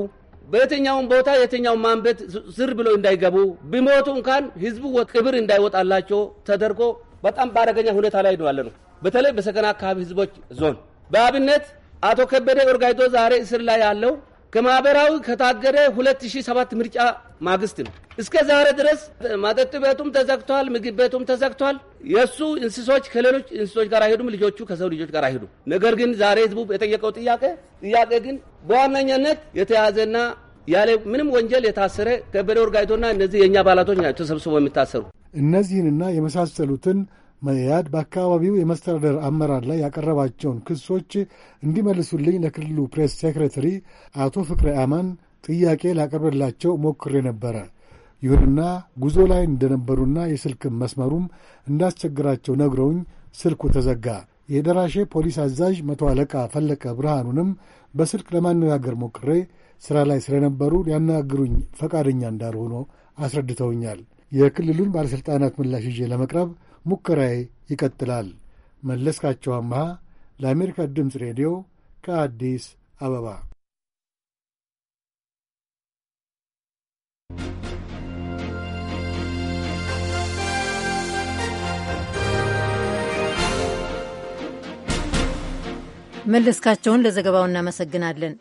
በየትኛውም ቦታ የትኛውም ማንበት ስር ብሎ እንዳይገቡ ቢሞቱ እንኳን ህዝቡ ቅብር እንዳይወጣላቸው ተደርጎ በጣም በአደገኛ ሁኔታ ላይ ነው ነው። በተለይ በሰገና አካባቢ ህዝቦች ዞን በአብነት አቶ ከበደ ኦርጋይዶ ዛሬ እስር ላይ ያለው ከማህበራዊ ከታገደ 2007 ምርጫ ማግስት ነው። እስከ ዛሬ ድረስ መጠጥ ቤቱም ተዘግቷል፣ ምግብ ቤቱም ተዘግቷል። የእሱ እንስሶች ከሌሎች እንስሶች ጋር አይሄዱም፣ ልጆቹ ከሰው ልጆች ጋር አይሄዱም። ነገር ግን ዛሬ ህዝቡ የጠየቀው ጥያቄ ጥያቄ ግን በዋነኛነት የተያዘና ያለ ምንም ወንጀል የታሰረ ከበደ ወርጋይቶና እነዚህ የእኛ አባላቶች ተሰብስበው የሚታሰሩ። እነዚህንና የመሳሰሉትን መያድ በአካባቢው የመስተዳደር አመራር ላይ ያቀረባቸውን ክሶች እንዲመልሱልኝ ለክልሉ ፕሬስ ሴክሬተሪ አቶ ፍቅረ አማን ጥያቄ ላቀርብላቸው ሞክሬ ነበረ። ይሁንና ጉዞ ላይ እንደነበሩና የስልክ መስመሩም እንዳስቸግራቸው ነግረውኝ ስልኩ ተዘጋ። የደራሼ ፖሊስ አዛዥ መቶ አለቃ ፈለቀ ብርሃኑንም በስልክ ለማነጋገር ሞክሬ ሥራ ላይ ስለነበሩ ሊያነጋግሩኝ ፈቃደኛ እንዳልሆኖ አስረድተውኛል። የክልሉን ባለሥልጣናት ምላሽ ይዤ ለመቅረብ ሙከራዬ ይቀጥላል። መለስካቸው አምሃ ለአሜሪካ ድምፅ ሬዲዮ ከአዲስ አበባ መለስካቸውን ለዘገባው እናመሰግናለን።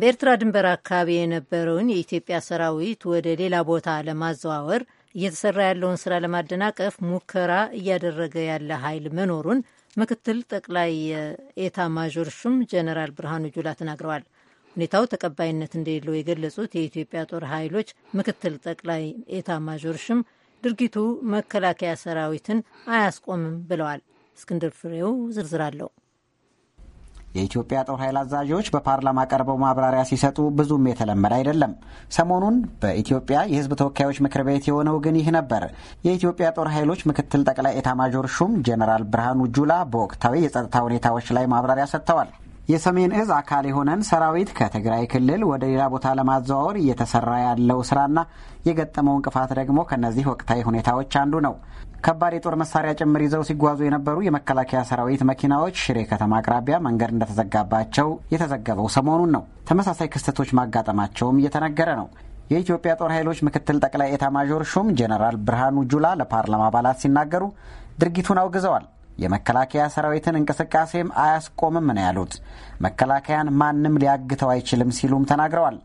በኤርትራ ድንበር አካባቢ የነበረውን የኢትዮጵያ ሰራዊት ወደ ሌላ ቦታ ለማዘዋወር እየተሰራ ያለውን ስራ ለማደናቀፍ ሙከራ እያደረገ ያለ ኃይል መኖሩን ምክትል ጠቅላይ የኤታ ማዦር ሹም ጀነራል ብርሃኑ ጁላ ተናግረዋል። ሁኔታው ተቀባይነት እንደሌለው የገለጹት የኢትዮጵያ ጦር ኃይሎች ምክትል ጠቅላይ ኤታ ማዦር ሹም ድርጊቱ መከላከያ ሰራዊትን አያስቆምም ብለዋል። እስክንድር ፍሬው ዝርዝር አለው። የኢትዮጵያ ጦር ኃይል አዛዦች በፓርላማ ቀርበው ማብራሪያ ሲሰጡ ብዙም የተለመደ አይደለም። ሰሞኑን በኢትዮጵያ የሕዝብ ተወካዮች ምክር ቤት የሆነው ግን ይህ ነበር። የኢትዮጵያ ጦር ኃይሎች ምክትል ጠቅላይ ኤታማዦር ሹም ጀኔራል ብርሃኑ ጁላ በወቅታዊ የጸጥታ ሁኔታዎች ላይ ማብራሪያ ሰጥተዋል። የሰሜን እዝ አካል የሆነን ሰራዊት ከትግራይ ክልል ወደ ሌላ ቦታ ለማዘዋወር እየተሰራ ያለው ስራና የገጠመው እንቅፋት ደግሞ ከነዚህ ወቅታዊ ሁኔታዎች አንዱ ነው። ከባድ የጦር መሳሪያ ጭምር ይዘው ሲጓዙ የነበሩ የመከላከያ ሰራዊት መኪናዎች ሽሬ ከተማ አቅራቢያ መንገድ እንደተዘጋባቸው የተዘገበው ሰሞኑን ነው። ተመሳሳይ ክስተቶች ማጋጠማቸውም እየተነገረ ነው። የኢትዮጵያ ጦር ኃይሎች ምክትል ጠቅላይ ኤታማዦር ሹም ጀኔራል ብርሃኑ ጁላ ለፓርላማ አባላት ሲናገሩ ድርጊቱን አውግዘዋል። የመከላከያ ሰራዊትን እንቅስቃሴም አያስቆምም ነው ያሉት። መከላከያን ማንም ሊያግተው አይችልም ሲሉም ተናግረዋል።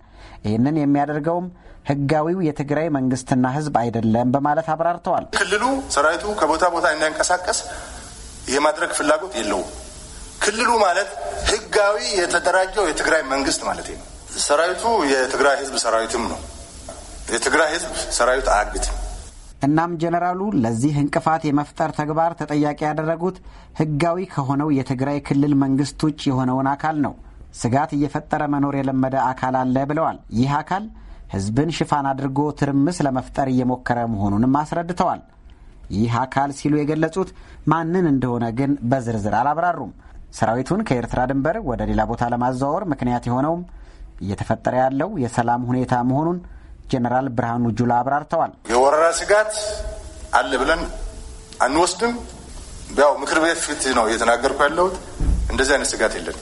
ይህንን የሚያደርገውም ህጋዊው የትግራይ መንግስትና ህዝብ አይደለም በማለት አብራርተዋል። ክልሉ ሰራዊቱ ከቦታ ቦታ እንዳይንቀሳቀስ የማድረግ ፍላጎት የለውም። ክልሉ ማለት ህጋዊ የተደራጀው የትግራይ መንግስት ማለት ነው። ሰራዊቱ የትግራይ ህዝብ ሰራዊትም ነው። የትግራይ ህዝብ ሰራዊት አያግትም። እናም ጀነራሉ ለዚህ እንቅፋት የመፍጠር ተግባር ተጠያቂ ያደረጉት ህጋዊ ከሆነው የትግራይ ክልል መንግስት ውጭ የሆነውን አካል ነው። ስጋት እየፈጠረ መኖር የለመደ አካል አለ ብለዋል። ይህ አካል ህዝብን ሽፋን አድርጎ ትርምስ ለመፍጠር እየሞከረ መሆኑንም አስረድተዋል። ይህ አካል ሲሉ የገለጹት ማንን እንደሆነ ግን በዝርዝር አላብራሩም። ሰራዊቱን ከኤርትራ ድንበር ወደ ሌላ ቦታ ለማዘዋወር ምክንያት የሆነውም እየተፈጠረ ያለው የሰላም ሁኔታ መሆኑን ጀኔራል ብርሃኑ ጁላ አብራርተዋል። የወረራ ስጋት አለ ብለን አንወስድም። ያው ምክር ቤት ፊት ነው እየተናገርኩ ያለሁት። እንደዚህ አይነት ስጋት የለን።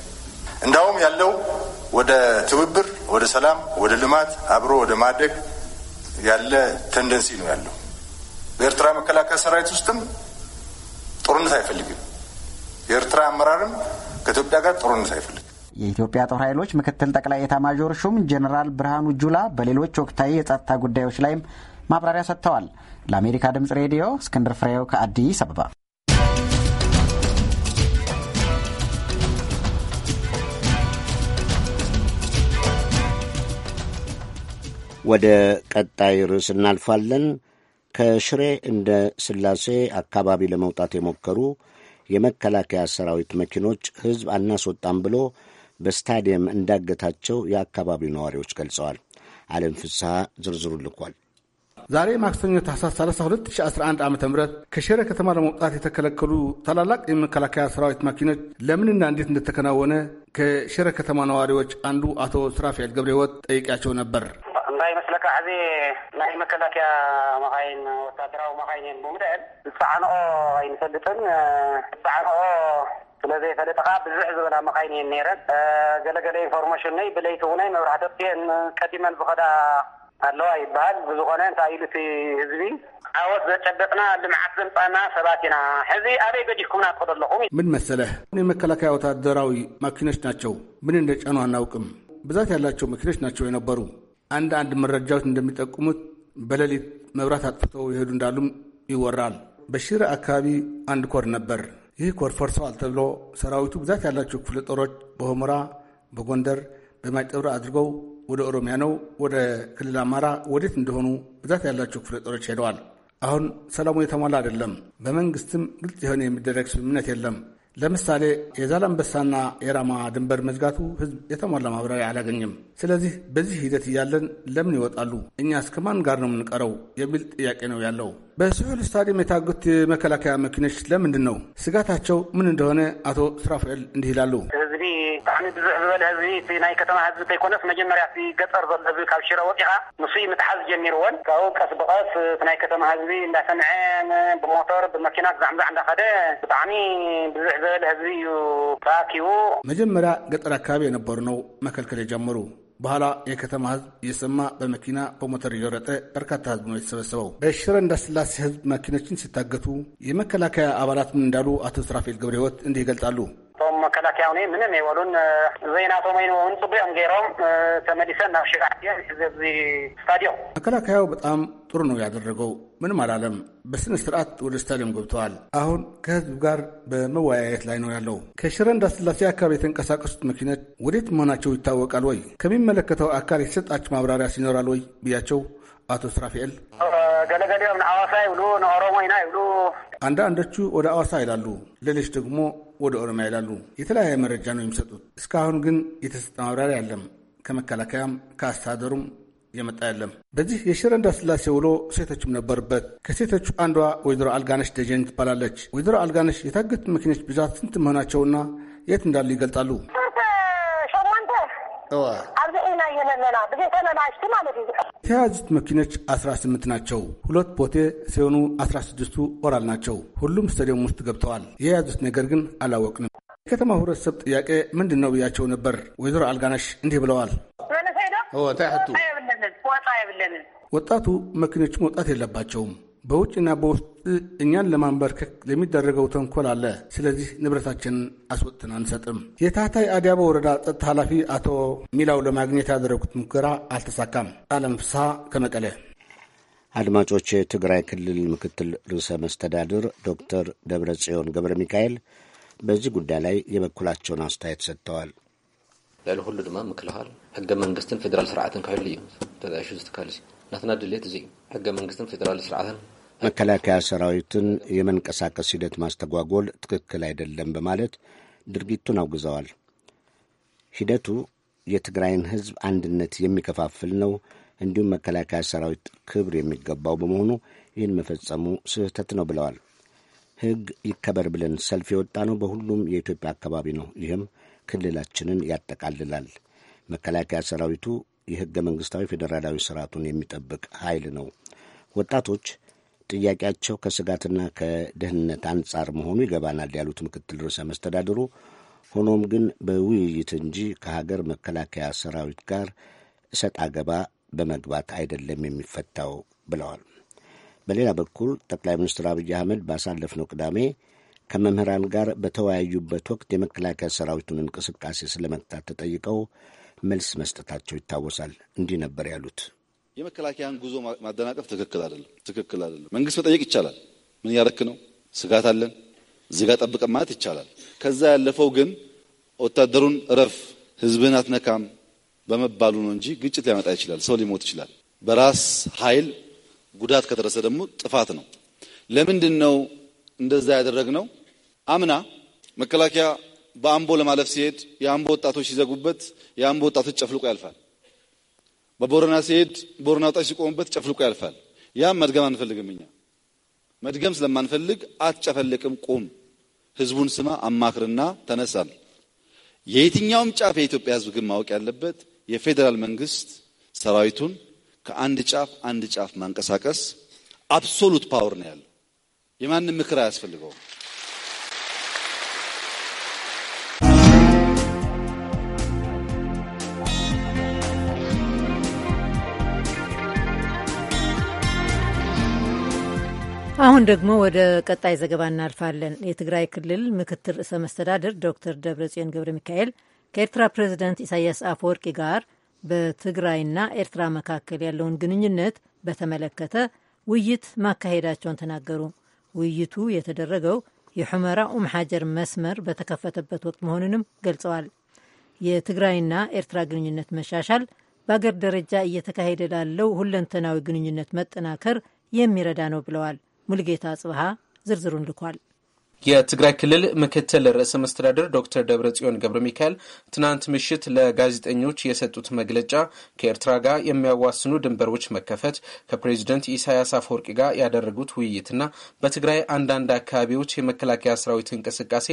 እንዳውም ያለው ወደ ትብብር፣ ወደ ሰላም፣ ወደ ልማት አብሮ ወደ ማደግ ያለ ቴንደንሲ ነው ያለው። በኤርትራ መከላከያ ሰራዊት ውስጥም ጦርነት አይፈልግም። የኤርትራ አመራርም ከኢትዮጵያ ጋር ጦርነት አይፈልግም። የኢትዮጵያ ጦር ኃይሎች ምክትል ጠቅላይ ኤታማዦር ሹም ጀኔራል ብርሃኑ ጁላ በሌሎች ወቅታዊ የጸጥታ ጉዳዮች ላይም ማብራሪያ ሰጥተዋል። ለአሜሪካ ድምጽ ሬዲዮ እስክንድር ፍሬው ከአዲስ አበባ ወደ ቀጣይ ርዕስ እናልፋለን። ከሽሬ እንደ ስላሴ አካባቢ ለመውጣት የሞከሩ የመከላከያ ሰራዊት መኪኖች ሕዝብ አናስወጣም ብሎ በስታዲየም እንዳገታቸው የአካባቢው ነዋሪዎች ገልጸዋል። አለም ፍስሐ ዝርዝሩ ልኳል። ዛሬ ማክሰኞ ታህሳስ 30 2011 ዓ ም ከሽረ ከተማ ለመውጣት የተከለከሉ ታላላቅ የመከላከያ ሰራዊት ማኪኖች ለምንና እንዴት እንደተከናወነ ከሽረ ከተማ ነዋሪዎች አንዱ አቶ ስራፊኤል ገብረ ሕይወት ጠይቂያቸው ነበር። الله يمسلك عزي ናይ መከላከያ መኻይን ወታደራዊ መኻይን እየን ብምድዕብ ዝፀዓንኦ ኣይንፈልጥን ዝፀዓንኦ ስለ ዘይፈለጠ ከዓ ብዙሕ ዝበላ መኻይን እየን ነይረን ገለገለ ኢንፎርሜሽን ነይ ብለይቲ እውነይ መብራህቲ ጥየን ቀዲመን ዝኸዳ ኣለዋ ይበሃል ብዝኾነ እንታይ ኢሉ እቲ ህዝቢ ዓወት ዘጨበጥና ልምዓት ዘምፃና ሰባት ኢና ሕዚ ኣበይ ገዲፍኩምና ትኸዶ ኣለኹም ምን መሰለህ ንመከላከያ ወታደራዊ ማኪኖች ናቸው ምን እንደጫኑ አናውቅም ብዛት ያላቸው መኪኖች ናቸው የነበሩ አንዳንድ መረጃዎች እንደሚጠቁሙት በሌሊት መብራት አጥፍተው ይሄዱ እንዳሉም ይወራል። በሺረ አካባቢ አንድ ኮር ነበር። ይህ ኮር ፈርሰዋል ተብሎ ሰራዊቱ ብዛት ያላቸው ክፍለ ጦሮች በሆሞራ፣ በጎንደር፣ በማይጠብረ አድርገው ወደ ኦሮሚያ ነው ወደ ክልል አማራ ወዴት እንደሆኑ ብዛት ያላቸው ክፍለ ጦሮች ሄደዋል። አሁን ሰላሙ የተሟላ አይደለም። በመንግስትም ግልጽ የሆነ የሚደረግ ስምምነት የለም። ለምሳሌ የዛላምበሳና የራማ ድንበር መዝጋቱ ህዝብ የተሟላ ማብራሪያ አላገኝም። ስለዚህ በዚህ ሂደት እያለን ለምን ይወጣሉ? እኛስ ከማን ጋር ነው የምንቀረው? የሚል ጥያቄ ነው ያለው። በስሑል ስታዲየም የታጉት የመከላከያ መኪኖች ለምንድን ነው? ስጋታቸው ምን እንደሆነ አቶ ስራፋኤል እንዲህ ይላሉ። ብጣዕሚ ብዙሕ ዝበለ ህዝቢ እቲ ናይ ከተማ ህዝቢ እንተይኮነስ መጀመርያ እቲ ገጠር ዘሎ ህዝቢ ካብ ሽረ ወፂኻ ንሱ ምትሓዝ ጀሚርዎን ካብኡ ቀስ ብቐስ እቲ ናይ ከተማ ህዝቢ እንዳሰምዐ ብሞቶር ብመኪና ዛዕምዛዕ እንዳኸደ ብጣዕሚ ብዙሕ ዝበለ ህዝቢ እዩ ተኣኪቡ መጀመርያ ገጠር አካባቢ የነበሩ ነው መከልከል የጀመሩ በኋላ የከተማ ህዝብ እየሰማ በመኪና በሞተር እየወረጠ በርካታ ህዝብ ነው የተሰበሰበው። በሽረ እንዳስላሴ ህዝብ መኪኖችን ሲታገቱ የመከላከያ አባላት ምን እንዳሉ አቶ ስራፌል ገብረ ህይወት እንዲህ ይገልጻሉ። መከላከያ ሁኔ ምንም የበሉን ዘይናቶም ወይ ውን ገይሮም ተመሊሰን ናብ ሽራ እዚ ስታዲዮም መከላከያው በጣም ጥሩ ነው ያደረገው። ምንም አላለም። በስነ ስርዓት ወደ ስታዲየም ገብተዋል። አሁን ከህዝብ ጋር በመወያየት ላይ ነው ያለው። ከሽረ እንዳስላሴ አካባቢ የተንቀሳቀሱት መኪኖች ወዴት መሆናቸው ይታወቃል ወይ? ከሚመለከተው አካል የተሰጣቸው ማብራሪያ ሲኖራል ወይ ብያቸው አቶ ስራፊኤል ገለገሌም ንአዋሳ ይብሉ ንኦሮሞ ኢና ይብሉ፣ አንዳንዶቹ ወደ አዋሳ ይላሉ፣ ሌሎች ደግሞ ወደ ኦሮሚያ ይላሉ። የተለያየ መረጃ ነው የሚሰጡት። እስካሁን ግን የተሰጠ ማብራሪያ የለም። ከመከላከያም ከአስተዳደሩም የመጣ የለም። በዚህ የሽረ እንዳስላሴ ውሎ ሴቶችም ነበሩበት። ከሴቶቹ አንዷ ወይዘሮ አልጋነሽ ደጀን ትባላለች። ወይዘሮ አልጋነሽ የታገቱት መኪኖች ብዛት ስንት መሆናቸውና የት እንዳሉ ይገልጻሉ። የለለና ብዙ ማለት ነው። የተያዙት መኪኖች አስራ ስምንት ናቸው። ሁለት ቦቴ ሲሆኑ አስራ ስድስቱ ኦራል ናቸው። ሁሉም ስታዲየም ውስጥ ገብተዋል። የያዙት ነገር ግን አላወቅንም። የከተማ ህብረተሰብ ጥያቄ ምንድን ነው ብያቸው ነበር። ወይዘሮ አልጋናሽ እንዲህ ብለዋል። ወጣቱ መኪኖች መውጣት የለባቸውም በውጭና በውስጥ እኛን ለማንበርከክ ለሚደረገው ተንኮል አለ። ስለዚህ ንብረታችንን አስወጥተን አንሰጥም። የታህታይ አዲያቦ ወረዳ ጸጥታ ኃላፊ አቶ ሚላው ለማግኘት ያደረጉት ሙከራ አልተሳካም። አለም ፍስሐ ከመቀለ። አድማጮች፣ የትግራይ ክልል ምክትል ርዕሰ መስተዳድር ዶክተር ደብረ ጽዮን ገብረ ሚካኤል በዚህ ጉዳይ ላይ የበኩላቸውን አስተያየት ሰጥተዋል። ልዕሊ ኩሉ ድማ ምክልኻል ሕገ መንግስትን ፌደራል ስርዓትን ክሕሉ እዩ ተጣይሹ ዝተካልስ ናትና ድሌት እዚ እዩ ህገ መንግስትን ፌዴራል ስርዓትን መከላከያ ሰራዊትን የመንቀሳቀስ ሂደት ማስተጓጎል ትክክል አይደለም በማለት ድርጊቱን አውግዘዋል። ሂደቱ የትግራይን ህዝብ አንድነት የሚከፋፍል ነው፣ እንዲሁም መከላከያ ሰራዊት ክብር የሚገባው በመሆኑ ይህን መፈጸሙ ስህተት ነው ብለዋል። ህግ ይከበር ብለን ሰልፍ የወጣ ነው በሁሉም የኢትዮጵያ አካባቢ ነው። ይህም ክልላችንን ያጠቃልላል። መከላከያ ሰራዊቱ የህገ መንግስታዊ ፌዴራላዊ ስርዓቱን የሚጠብቅ ኃይል ነው። ወጣቶች ጥያቄያቸው ከስጋትና ከደህንነት አንጻር መሆኑ ይገባናል ያሉት ምክትል ርዕሰ መስተዳድሩ፣ ሆኖም ግን በውይይት እንጂ ከሀገር መከላከያ ሰራዊት ጋር እሰጥ አገባ በመግባት አይደለም የሚፈታው ብለዋል። በሌላ በኩል ጠቅላይ ሚኒስትር አብይ አህመድ ባሳለፍነው ቅዳሜ ከመምህራን ጋር በተወያዩበት ወቅት የመከላከያ ሰራዊቱን እንቅስቃሴ ስለመግታት ተጠይቀው መልስ መስጠታቸው ይታወሳል። እንዲህ ነበር ያሉት። የመከላከያን ጉዞ ማደናቀፍ ትክክል አይደለም፣ ትክክል አይደለም። መንግስት መጠየቅ ይቻላል። ምን እያደረክ ነው? ስጋት አለን፣ ዝጋ ጠብቀን ማለት ይቻላል። ከዛ ያለፈው ግን ወታደሩን እረፍ፣ ህዝብን አትነካም በመባሉ ነው እንጂ ግጭት ሊያመጣ ይችላል። ሰው ሊሞት ይችላል። በራስ ኃይል ጉዳት ከደረሰ ደግሞ ጥፋት ነው። ለምንድን ነው እንደዛ ያደረግነው? አምና መከላከያ በአምቦ ለማለፍ ሲሄድ የአምቦ ወጣቶች ሲዘጉበት የአምቦ ወጣቶች ጨፍልቆ ያልፋል። በቦረና ሲሄድ ቦረና ወጣቶች ሲቆሙበት ጨፍልቆ ያልፋል። ያም መድገም አንፈልግም። እኛ መድገም ስለማንፈልግ አትጨፈልቅም፣ ቁም፣ ህዝቡን ስማ፣ አማክርና ተነሳል። የየትኛውም ጫፍ የኢትዮጵያ ህዝብ ግን ማወቅ ያለበት የፌዴራል መንግስት ሰራዊቱን ከአንድ ጫፍ አንድ ጫፍ ማንቀሳቀስ አብሶሉት ፓወር ነው ያለው። የማንም ምክር አያስፈልገውም። አሁን ደግሞ ወደ ቀጣይ ዘገባ እናልፋለን። የትግራይ ክልል ምክትል ርዕሰ መስተዳድር ዶክተር ደብረጽዮን ገብረ ሚካኤል ከኤርትራ ፕሬዚደንት ኢሳያስ አፈወርቂ ጋር በትግራይና ኤርትራ መካከል ያለውን ግንኙነት በተመለከተ ውይይት ማካሄዳቸውን ተናገሩ። ውይይቱ የተደረገው የሑመራ ኡም መስመር በተከፈተበት ወቅት መሆኑንም ገልጸዋል። የትግራይና ኤርትራ ግንኙነት መሻሻል በአገር ደረጃ እየተካሄደ ላለው ሁለንተናዊ ግንኙነት መጠናከር የሚረዳ ነው ብለዋል። ሙልጌታ ጽብሃ ዝርዝሩን ልኳል። የትግራይ ክልል ምክትል ርዕሰ መስተዳደር ዶክተር ደብረጽዮን ገብረ ሚካኤል ትናንት ምሽት ለጋዜጠኞች የሰጡት መግለጫ ከኤርትራ ጋር የሚያዋስኑ ድንበሮች መከፈት ከፕሬዚደንት ኢሳያስ አፈወርቂ ጋር ያደረጉት ውይይትና በትግራይ አንዳንድ አካባቢዎች የመከላከያ ሰራዊት እንቅስቃሴ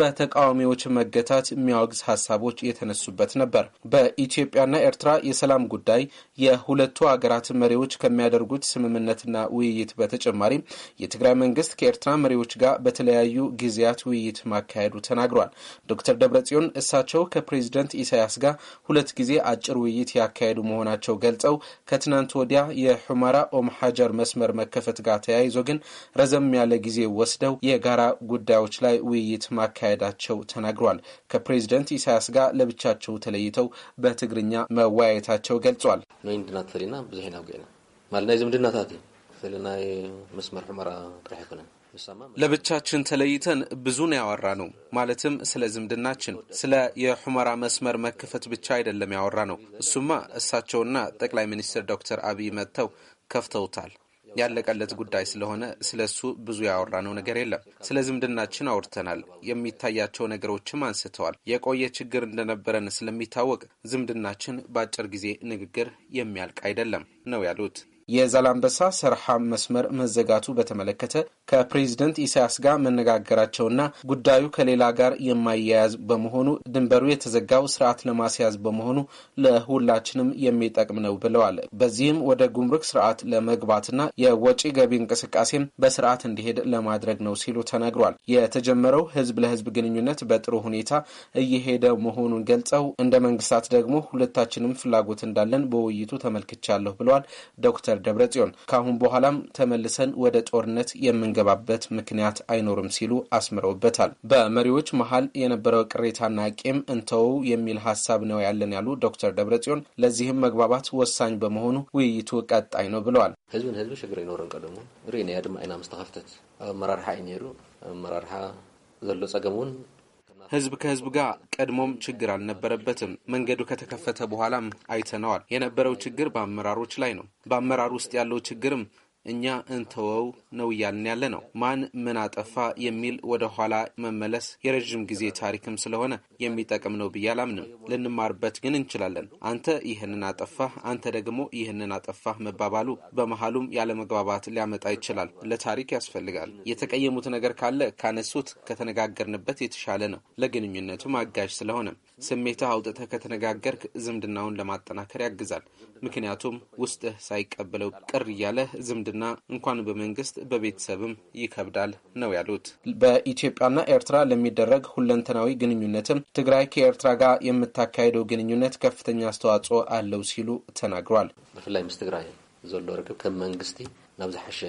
በተቃዋሚዎች መገታት የሚያወግዝ ሀሳቦች የተነሱበት ነበር። በኢትዮጵያና ኤርትራ የሰላም ጉዳይ የሁለቱ ሀገራት መሪዎች ከሚያደርጉት ስምምነትና ውይይት በተጨማሪም የትግራይ መንግስት ከኤርትራ መሪዎች ጋር በተለያዩ በተለያዩ ጊዜያት ውይይት ማካሄዱ ተናግሯል። ዶክተር ደብረጽዮን እሳቸው ከፕሬዚደንት ኢሳያስ ጋር ሁለት ጊዜ አጭር ውይይት ያካሄዱ መሆናቸው ገልጸው ከትናንት ወዲያ የሑመራ ኦም ሀጀር መስመር መከፈት ጋር ተያይዞ ግን ረዘም ያለ ጊዜ ወስደው የጋራ ጉዳዮች ላይ ውይይት ማካሄዳቸው ተናግሯል። ከፕሬዚደንት ኢሳያስ ጋር ለብቻቸው ተለይተው በትግርኛ መወያየታቸው ገልጿል። ናይ እንድና ማለት ናይ ስለናይ መስመር ሑመራ ጥራሕ ይኮነን ለብቻችን ተለይተን ብዙን ያወራ ነው። ማለትም ስለ ዝምድናችን፣ ስለ የሑመራ መስመር መከፈት ብቻ አይደለም ያወራ ነው። እሱማ እሳቸውና ጠቅላይ ሚኒስትር ዶክተር አብይ መጥተው ከፍተውታል። ያለቀለት ጉዳይ ስለሆነ ስለ እሱ ብዙ ነው ነገር የለም። ስለ ዝምድናችን አውርተናል። የሚታያቸው ነገሮችም አንስተዋል። የቆየ ችግር እንደነበረን ስለሚታወቅ ዝምድናችን በአጭር ጊዜ ንግግር የሚያልቅ አይደለም ነው ያሉት። የዛላምበሳ ሰርሃ መስመር መዘጋቱ በተመለከተ ከፕሬዚደንት ኢሳያስ ጋር መነጋገራቸውና ጉዳዩ ከሌላ ጋር የማያያዝ በመሆኑ ድንበሩ የተዘጋው ስርዓት ለማስያዝ በመሆኑ ለሁላችንም የሚጠቅም ነው ብለዋል። በዚህም ወደ ጉምሩክ ስርዓት ለመግባትና የወጪ ገቢ እንቅስቃሴም በስርዓት እንዲሄድ ለማድረግ ነው ሲሉ ተናግሯል። የተጀመረው ህዝብ ለህዝብ ግንኙነት በጥሩ ሁኔታ እየሄደ መሆኑን ገልጸው እንደ መንግስታት ደግሞ ሁለታችንም ፍላጎት እንዳለን በውይይቱ ተመልክቻለሁ ብለዋል ዶክተር ዶክተር ጽዮን ከአሁን በኋላም ተመልሰን ወደ ጦርነት የምንገባበት ምክንያት አይኖርም ሲሉ አስምረውበታል። በመሪዎች መሀል የነበረው ቅሬታና ቂም እንተው የሚል ሀሳብ ነው ያለን ያሉ ዶክተር ጽዮን ለዚህም መግባባት ወሳኝ በመሆኑ ውይይቱ ቀጣይ ነው ብለዋል። ህዝብን ህዝብ ችግር ይኖረን ቀደሙ ርእይና ድማ አይና ምስ ተኸፍተት እዩ ነይሩ ኣመራርሓ ዘሎ ጸገም እውን ህዝብ ከህዝብ ጋር ቀድሞም ችግር አልነበረበትም። መንገዱ ከተከፈተ በኋላም አይተነዋል። የነበረው ችግር በአመራሮች ላይ ነው። በአመራር ውስጥ ያለው ችግርም እኛ እንተወው ነው እያልን ያለ ነው። ማን ምን አጠፋ የሚል ወደ ኋላ መመለስ የረዥም ጊዜ ታሪክም ስለሆነ የሚጠቅም ነው ብዬ አላምንም። ልንማርበት ግን እንችላለን። አንተ ይህንን አጠፋህ፣ አንተ ደግሞ ይህንን አጠፋህ መባባሉ በመሃሉም ያለመግባባት ሊያመጣ ይችላል። ለታሪክ ያስፈልጋል። የተቀየሙት ነገር ካለ ካነሱት፣ ከተነጋገርንበት የተሻለ ነው። ለግንኙነቱም አጋዥ ስለሆነ ስሜትህ አውጥተህ ከተነጋገርክ ዝምድናውን ለማጠናከር ያግዛል። ምክንያቱም ውስጥህ ሳይቀበለው ቅር እያለህ ዝምድ በአንድና እንኳን በመንግስት በቤተሰብም ይከብዳል ነው ያሉት። በኢትዮጵያና ኤርትራ ለሚደረግ ሁለንተናዊ ግንኙነትም ትግራይ ከኤርትራ ጋር የምታካሄደው ግንኙነት ከፍተኛ አስተዋጽኦ አለው ሲሉ ተናግሯል። ብፍላይ ምስ ትግራይ ዘሎ ርክብ ከም መንግስቲ ናብ ዝሓሸ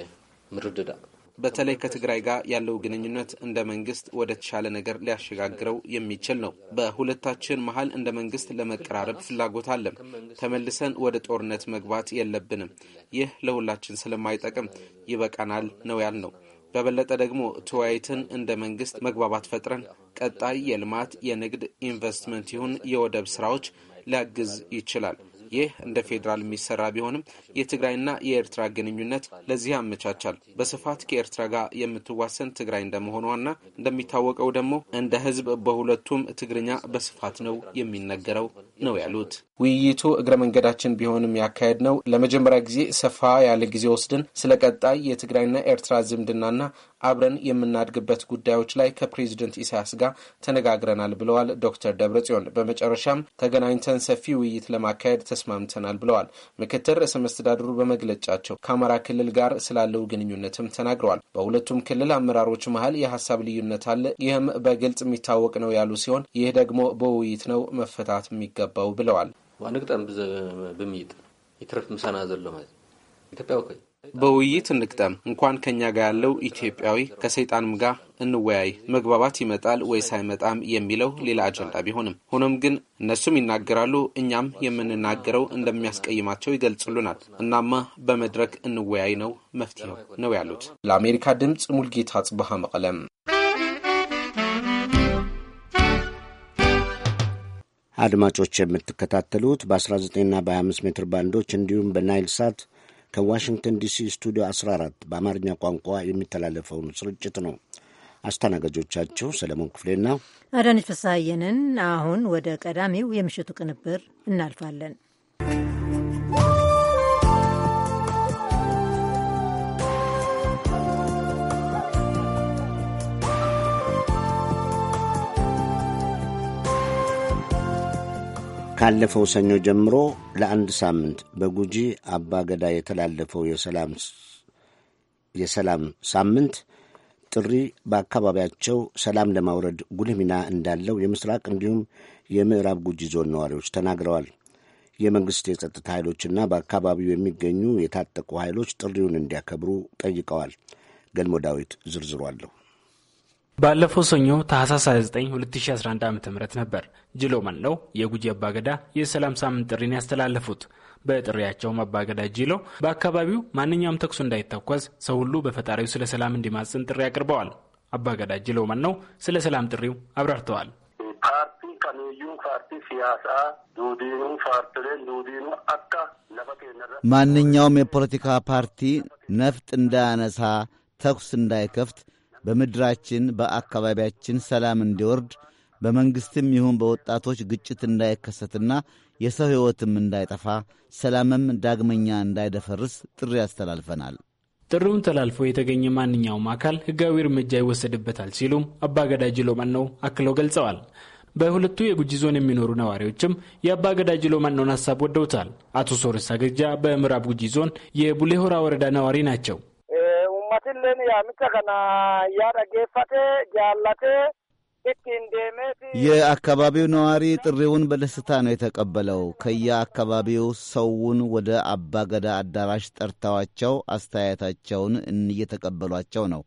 ምርድዳእ በተለይ ከትግራይ ጋር ያለው ግንኙነት እንደ መንግስት ወደ ተሻለ ነገር ሊያሸጋግረው የሚችል ነው። በሁለታችን መሀል እንደ መንግስት ለመቀራረብ ፍላጎት አለም። ተመልሰን ወደ ጦርነት መግባት የለብንም። ይህ ለሁላችን ስለማይጠቅም ይበቃናል ነው ያልነው። በበለጠ ደግሞ ተወያይተን እንደ መንግስት መግባባት ፈጥረን ቀጣይ የልማት የንግድ ኢንቨስትመንት ይሁን የወደብ ስራዎች ሊያግዝ ይችላል። ይህ እንደ ፌዴራል የሚሰራ ቢሆንም የትግራይና የኤርትራ ግንኙነት ለዚህ ያመቻቻል። በስፋት ከኤርትራ ጋር የምትዋሰን ትግራይ እንደመሆኗና እንደሚታወቀው ደግሞ እንደ ህዝብ በሁለቱም ትግርኛ በስፋት ነው የሚነገረው ነው ያሉት። ውይይቱ እግረ መንገዳችን ቢሆንም ያካሄድ ነው ለመጀመሪያ ጊዜ ሰፋ ያለ ጊዜ ወስድን ስለ ቀጣይ የትግራይና ኤርትራ ዝምድናና አብረን የምናድግበት ጉዳዮች ላይ ከፕሬዚደንት ኢሳያስ ጋር ተነጋግረናል ብለዋል ዶክተር ደብረጽዮን። በመጨረሻም ተገናኝተን ሰፊ ውይይት ለማካሄድ ተስማምተናል ብለዋል። ምክትል ርዕሰ መስተዳድሩ በመግለጫቸው ከአማራ ክልል ጋር ስላለው ግንኙነትም ተናግረዋል። በሁለቱም ክልል አመራሮች መሀል የሀሳብ ልዩነት አለ፣ ይህም በግልጽ የሚታወቅ ነው ያሉ ሲሆን ይህ ደግሞ በውይይት ነው መፈታት የሚገባው ብለዋል። ዋንግጠም ብሚይጥ ይትረፍ ምሳና ዘሎ ማለት ኢትዮጵያ ኮይ በውይይት እንቅጠም። እንኳን ከኛ ጋር ያለው ኢትዮጵያዊ ከሰይጣንም ጋር እንወያይ። መግባባት ይመጣል ወይስ አይመጣም የሚለው ሌላ አጀንዳ ቢሆንም፣ ሆኖም ግን እነሱም ይናገራሉ፣ እኛም የምንናገረው እንደሚያስቀይማቸው ይገልጹልናል። እናማ በመድረክ እንወያይ ነው መፍትሄው ነው ያሉት። ለአሜሪካ ድምፅ ሙልጌታ ጽብሃ መቀለም አድማጮች የምትከታተሉት በ19ና በ25 ሜትር ባንዶች እንዲሁም በናይል ሳት ከዋሽንግተን ዲሲ ስቱዲዮ 14 በአማርኛ ቋንቋ የሚተላለፈውን ስርጭት ነው። አስተናጋጆቻችሁ ሰለሞን ክፍሌና አዳነች ፍስሐየንን። አሁን ወደ ቀዳሚው የምሽቱ ቅንብር እናልፋለን። ካለፈው ሰኞ ጀምሮ ለአንድ ሳምንት በጉጂ አባገዳ የተላለፈው የሰላም ሳምንት ጥሪ በአካባቢያቸው ሰላም ለማውረድ ጉልህ ሚና እንዳለው የምስራቅ እንዲሁም የምዕራብ ጉጂ ዞን ነዋሪዎች ተናግረዋል። የመንግሥት የጸጥታ ኃይሎችና በአካባቢው የሚገኙ የታጠቁ ኃይሎች ጥሪውን እንዲያከብሩ ጠይቀዋል። ገልሞ ዳዊት ዝርዝሩ ባለፈው ሰኞ ታህሳስ 29 2011 ዓ ም ነበር ጅሎ መለው የጉጂ አባገዳ የሰላም ሳምንት ጥሪን ያስተላለፉት። በጥሪያቸውም አባገዳ ጅሎ በአካባቢው ማንኛውም ተኩስ እንዳይተኮስ ሰው ሁሉ በፈጣሪው ስለ ሰላም እንዲማጽን ጥሪ አቅርበዋል። አባገዳ ጅሎ መለው ስለ ሰላም ጥሪው አብራርተዋል። ማንኛውም የፖለቲካ ፓርቲ ነፍጥ እንዳያነሳ፣ ተኩስ እንዳይከፍት በምድራችን በአካባቢያችን ሰላም እንዲወርድ በመንግሥትም ይሁን በወጣቶች ግጭት እንዳይከሰትና የሰው ሕይወትም እንዳይጠፋ ሰላምም ዳግመኛ እንዳይደፈርስ ጥሪ ያስተላልፈናል። ጥሪውን ተላልፎ የተገኘ ማንኛውም አካል ሕጋዊ እርምጃ ይወሰድበታል ሲሉም አባገዳጅ ሎማን ነው አክለው ገልጸዋል። በሁለቱ የጉጂ ዞን የሚኖሩ ነዋሪዎችም የአባገዳጅ ሎማን ነውን ሀሳብ ወደውታል። አቶ ሶርስ ገጃ በምዕራብ ጉጂ ዞን የቡሌሆራ ወረዳ ነዋሪ ናቸው። Uummatilleen yaamicha kana yaada geeffatee jaallatee ittiin deemeeti። የአካባቢው ነዋሪ ጥሪውን በደስታ ነው የተቀበለው። ከየአካባቢው ሰውን ወደ አባገዳ አዳራሽ ጠርተዋቸው አስተያየታቸውን እየተቀበሏቸው ነው።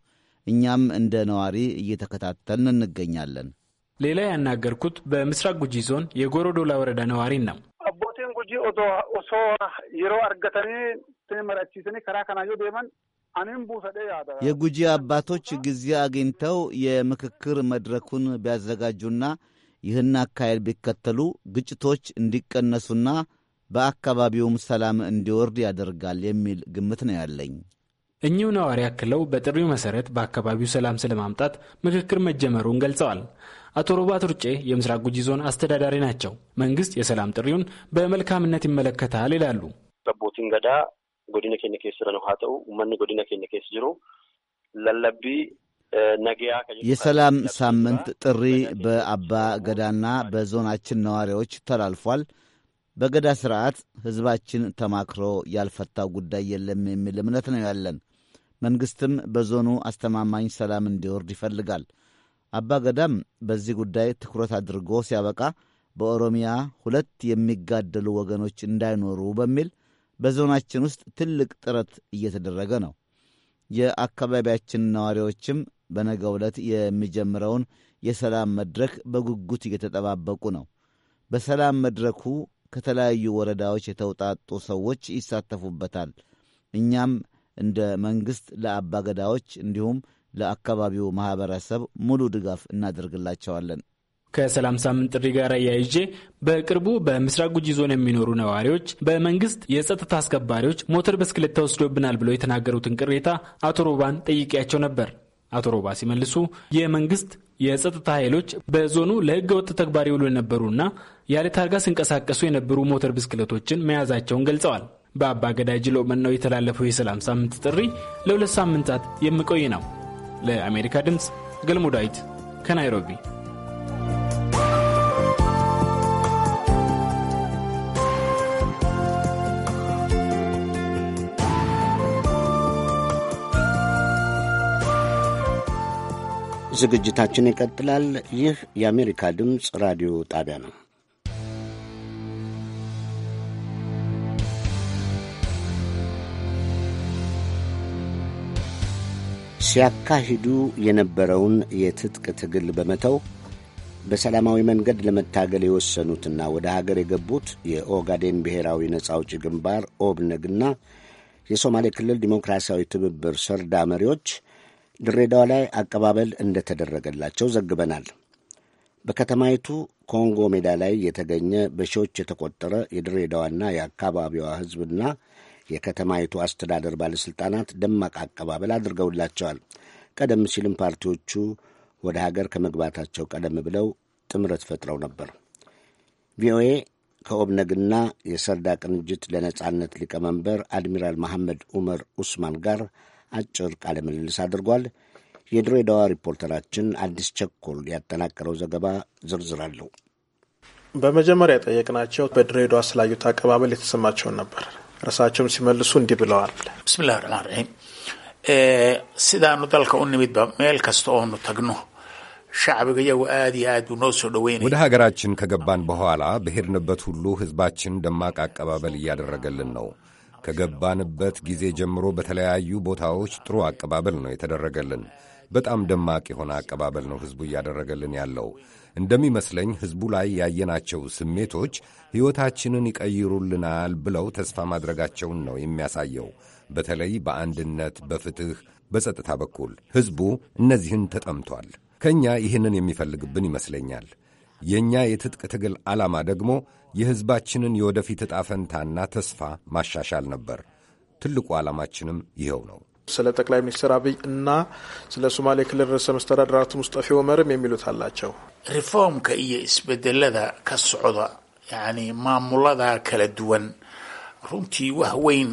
እኛም እንደ ነዋሪ እየተከታተልን እንገኛለን። ሌላ ያናገርኩት በምስራቅ ጉጂ ዞን የጎሮዶላ ወረዳ ነዋሪን ነው። አቦቲን ጉጂ ኦቶ የሮ አርገተኒ ትንመረቺስኒ ከራ ከናዮ ደመን የጉጂ አባቶች ጊዜ አግኝተው የምክክር መድረኩን ቢያዘጋጁና ይህን አካሄድ ቢከተሉ ግጭቶች እንዲቀነሱና በአካባቢውም ሰላም እንዲወርድ ያደርጋል የሚል ግምት ነው ያለኝ። እኚሁ ነዋሪ አክለው በጥሪው መሰረት በአካባቢው ሰላም ስለማምጣት ምክክር መጀመሩን ገልጸዋል። አቶ ሮባት ሩጬ የምስራቅ ጉጂ ዞን አስተዳዳሪ ናቸው። መንግስት የሰላም ጥሪውን በመልካምነት ይመለከታል ይላሉ። godina keenya keessa jiran haa ta'u uummanni godina keenya keessa jiru lallabbii eh, የሰላም ሳምንት ጥሪ በአባ ገዳና በዞናችን ነዋሪዎች ተላልፏል። በገዳ ስርዓት ሕዝባችን ተማክሮ ያልፈታው ጉዳይ የለም የሚል እምነት ነው ያለን። መንግሥትም በዞኑ አስተማማኝ ሰላም እንዲወርድ ይፈልጋል። አባ ገዳም በዚህ ጉዳይ ትኩረት አድርጎ ሲያበቃ በኦሮሚያ ሁለት የሚጋደሉ ወገኖች እንዳይኖሩ በሚል በዞናችን ውስጥ ትልቅ ጥረት እየተደረገ ነው። የአካባቢያችን ነዋሪዎችም በነገ ዕለት የሚጀምረውን የሰላም መድረክ በጉጉት እየተጠባበቁ ነው። በሰላም መድረኩ ከተለያዩ ወረዳዎች የተውጣጡ ሰዎች ይሳተፉበታል። እኛም እንደ መንግሥት ለአባገዳዎች እንዲሁም ለአካባቢው ማኅበረሰብ ሙሉ ድጋፍ እናደርግላቸዋለን። ከሰላም ሳምንት ጥሪ ጋር አያይዤ በቅርቡ በምስራቅ ጉጂ ዞን የሚኖሩ ነዋሪዎች በመንግስት የጸጥታ አስከባሪዎች ሞተር ብስክሌት ተወስዶብናል ብለው የተናገሩትን ቅሬታ አቶ ሮባን ጠይቄያቸው ነበር። አቶ ሮባ ሲመልሱ የመንግስት የጸጥታ ኃይሎች በዞኑ ለህገ ወጥ ተግባር ይውሉ የነበሩና ያለ ታርጋ ሲንቀሳቀሱ የነበሩ ሞተር ብስክሌቶችን መያዛቸውን ገልጸዋል። በአባ ገዳጅ ሎመን ነው የተላለፈው የሰላም ሳምንት ጥሪ ለሁለት ሳምንታት የሚቆይ ነው። ለአሜሪካ ድምፅ ገልሞ ዳዊት ከናይሮቢ ዝግጅታችን ይቀጥላል። ይህ የአሜሪካ ድምፅ ራዲዮ ጣቢያ ነው። ሲያካሂዱ የነበረውን የትጥቅ ትግል በመተው በሰላማዊ መንገድ ለመታገል የወሰኑትና ወደ ሀገር የገቡት የኦጋዴን ብሔራዊ ነጻ አውጪ ግንባር ኦብነግና የሶማሌ ክልል ዲሞክራሲያዊ ትብብር ሰርዳ መሪዎች ድሬዳዋ ላይ አቀባበል እንደተደረገላቸው ዘግበናል። በከተማይቱ ኮንጎ ሜዳ ላይ የተገኘ በሺዎች የተቆጠረ የድሬዳዋና የአካባቢዋ ሕዝብና የከተማይቱ አስተዳደር ባለሥልጣናት ደማቅ አቀባበል አድርገውላቸዋል። ቀደም ሲልም ፓርቲዎቹ ወደ ሀገር ከመግባታቸው ቀደም ብለው ጥምረት ፈጥረው ነበር። ቪኦኤ ከኦብነግና የሰርዳ ቅንጅት ለነጻነት ሊቀመንበር አድሚራል መሐመድ ኡመር ኡስማን ጋር አጭር ቃለ ምልልስ አድርጓል። የድሬዳዋ ሪፖርተራችን አዲስ ቸኮል ያጠናቀረው ዘገባ ዝርዝር አለው። በመጀመሪያ የጠየቅናቸው በድሬዳዋ ስላዩት አቀባበል የተሰማቸውን ነበር። እርሳቸውም ሲመልሱ እንዲህ ብለዋል። ብስምላ ረማን ራሂም ሲዳኑ ተግኖ ወደ ሀገራችን ከገባን በኋላ በሄድንበት ሁሉ ሕዝባችን ደማቅ አቀባበል እያደረገልን ነው። ከገባንበት ጊዜ ጀምሮ በተለያዩ ቦታዎች ጥሩ አቀባበል ነው የተደረገልን። በጣም ደማቅ የሆነ አቀባበል ነው ሕዝቡ እያደረገልን ያለው። እንደሚመስለኝ ሕዝቡ ላይ ያየናቸው ስሜቶች ሕይወታችንን ይቀይሩልናል ብለው ተስፋ ማድረጋቸውን ነው የሚያሳየው። በተለይ በአንድነት፣ በፍትሕ፣ በጸጥታ በኩል ሕዝቡ እነዚህን ተጠምቷል። ከእኛ ይህንን የሚፈልግብን ይመስለኛል። የእኛ የትጥቅ ትግል ዓላማ ደግሞ የሕዝባችንን የወደፊት ዕጣ ፈንታና ተስፋ ማሻሻል ነበር። ትልቁ ዓላማችንም ይኸው ነው። ስለ ጠቅላይ ሚኒስትር አብይ እና ስለ ሶማሌ ክልል ርዕሰ መስተዳድር አቶ ሙስጠፌ ዑመርም የሚሉት አላቸው። ሪፎርም ከእየ እስበደለዳ ka ያኒ ማሙላዳ ከለድወን ሩንቲ duwan ወይን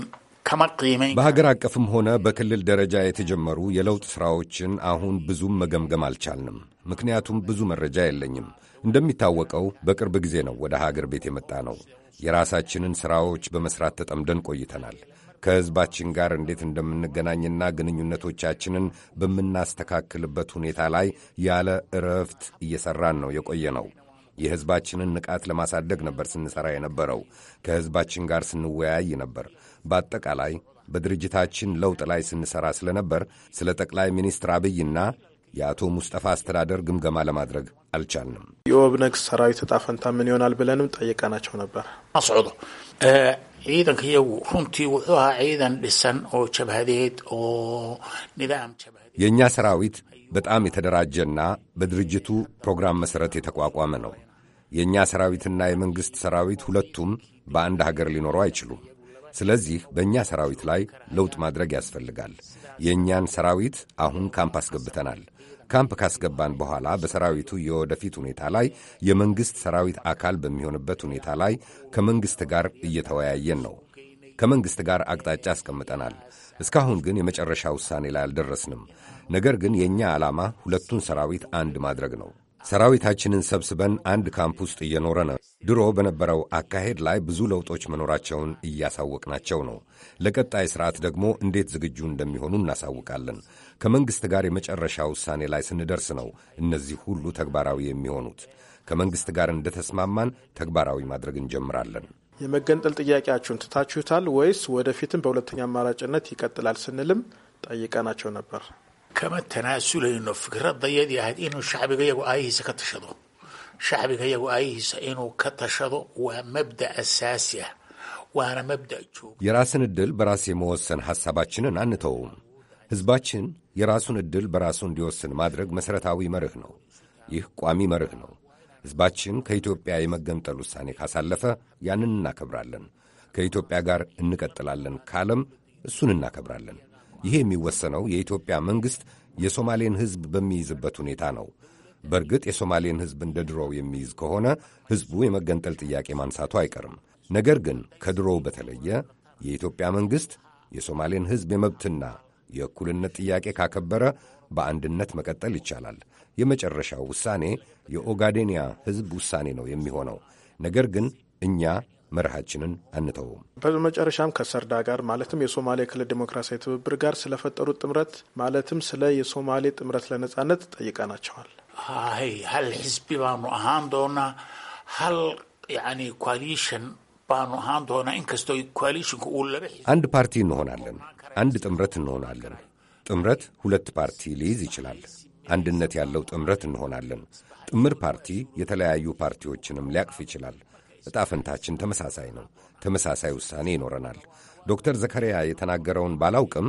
በሀገር አቀፍም ሆነ በክልል ደረጃ የተጀመሩ የለውጥ ሥራዎችን አሁን ብዙም መገምገም አልቻልንም። ምክንያቱም ብዙ መረጃ የለኝም። እንደሚታወቀው በቅርብ ጊዜ ነው ወደ ሀገር ቤት የመጣ ነው። የራሳችንን ሥራዎች በመሥራት ተጠምደን ቆይተናል። ከሕዝባችን ጋር እንዴት እንደምንገናኝና ግንኙነቶቻችንን በምናስተካክልበት ሁኔታ ላይ ያለ እረፍት እየሠራን ነው የቆየ ነው። የሕዝባችንን ንቃት ለማሳደግ ነበር ስንሠራ የነበረው። ከሕዝባችን ጋር ስንወያይ ነበር። በአጠቃላይ በድርጅታችን ለውጥ ላይ ስንሠራ ስለነበር ስለ ጠቅላይ ሚኒስትር አብይና የአቶ ሙስጠፋ አስተዳደር ግምገማ ለማድረግ አልቻልንም። የኦብነግ ሰራዊት ዕጣ ፈንታ ምን ይሆናል ብለንም ጠየቀናቸው ነበር። አስዑዶ ዒዳንክ የው ሩንቲ ውዑ ዒዳን ድሰን ኦ ኒዳም የእኛ ሰራዊት በጣም የተደራጀና በድርጅቱ ፕሮግራም መሠረት የተቋቋመ ነው። የእኛ ሰራዊትና የመንግሥት ሰራዊት ሁለቱም በአንድ ሀገር ሊኖሩ አይችሉም። ስለዚህ በእኛ ሰራዊት ላይ ለውጥ ማድረግ ያስፈልጋል። የእኛን ሰራዊት አሁን ካምፕ አስገብተናል። ካምፕ ካስገባን በኋላ በሰራዊቱ የወደፊት ሁኔታ ላይ የመንግሥት ሰራዊት አካል በሚሆንበት ሁኔታ ላይ ከመንግሥት ጋር እየተወያየን ነው። ከመንግሥት ጋር አቅጣጫ አስቀምጠናል። እስካሁን ግን የመጨረሻ ውሳኔ ላይ አልደረስንም። ነገር ግን የእኛ ዓላማ ሁለቱን ሰራዊት አንድ ማድረግ ነው። ሰራዊታችንን ሰብስበን አንድ ካምፕ ውስጥ እየኖረ ነው። ድሮ በነበረው አካሄድ ላይ ብዙ ለውጦች መኖራቸውን እያሳወቅናቸው ነው። ለቀጣይ ስርዓት ደግሞ እንዴት ዝግጁ እንደሚሆኑ እናሳውቃለን። ከመንግሥት ጋር የመጨረሻ ውሳኔ ላይ ስንደርስ ነው እነዚህ ሁሉ ተግባራዊ የሚሆኑት። ከመንግሥት ጋር እንደተስማማን ተግባራዊ ማድረግ እንጀምራለን። የመገንጠል ጥያቄያችሁን ትታችሁታል ወይስ ወደፊትም በሁለተኛ አማራጭነት ይቀጥላል ስንልም ጠይቀናቸው ነበር። kama tanaasuleyno fikradda yadii ahayd inuu shacbiga iyagu aayihiisa ka tashado shacbiga iyagu aayihiisa inuu ka tashado waa mabda asaasi ah waana መብዳ የራስን ዕድል በራስ የመወሰን ሐሳባችንን አንተውም። ሕዝባችን የራሱን ዕድል በራሱ እንዲወስን ማድረግ መሠረታዊ መርህ ነው። ይህ ቋሚ መርህ ነው። ሕዝባችን ከኢትዮጵያ የመገንጠል ውሳኔ ካሳለፈ ያንን እናከብራለን። ከኢትዮጵያ ጋር እንቀጥላለን ካለም እሱን እናከብራለን። ይሄ የሚወሰነው የኢትዮጵያ መንግሥት የሶማሌን ሕዝብ በሚይዝበት ሁኔታ ነው። በእርግጥ የሶማሌን ሕዝብ እንደ ድሮው የሚይዝ ከሆነ ሕዝቡ የመገንጠል ጥያቄ ማንሳቱ አይቀርም። ነገር ግን ከድሮው በተለየ የኢትዮጵያ መንግሥት የሶማሌን ሕዝብ የመብትና የእኩልነት ጥያቄ ካከበረ በአንድነት መቀጠል ይቻላል። የመጨረሻው ውሳኔ የኦጋዴንያ ሕዝብ ውሳኔ ነው የሚሆነው። ነገር ግን እኛ መርሃችንን አንተውም። በመጨረሻም ከሰርዳ ጋር ማለትም የሶማሌ ክልል ዴሞክራሲያዊ ትብብር ጋር ስለፈጠሩት ጥምረት ማለትም ስለ የሶማሌ ጥምረት ለነጻነት ጠይቀናቸዋል። አይ ሀል ህዝቢ ባኑ አሃን ዶና ሀል ያኒ ባኑ አሃን ዶና ኢንከስቶ ኮሊሽን አንድ ፓርቲ እንሆናለን፣ አንድ ጥምረት እንሆናለን። ጥምረት ሁለት ፓርቲ ሊይዝ ይችላል። አንድነት ያለው ጥምረት እንሆናለን። ጥምር ፓርቲ የተለያዩ ፓርቲዎችንም ሊያቅፍ ይችላል። ዕጣ ፈንታችን ተመሳሳይ ነው። ተመሳሳይ ውሳኔ ይኖረናል። ዶክተር ዘከሪያ የተናገረውን ባላውቅም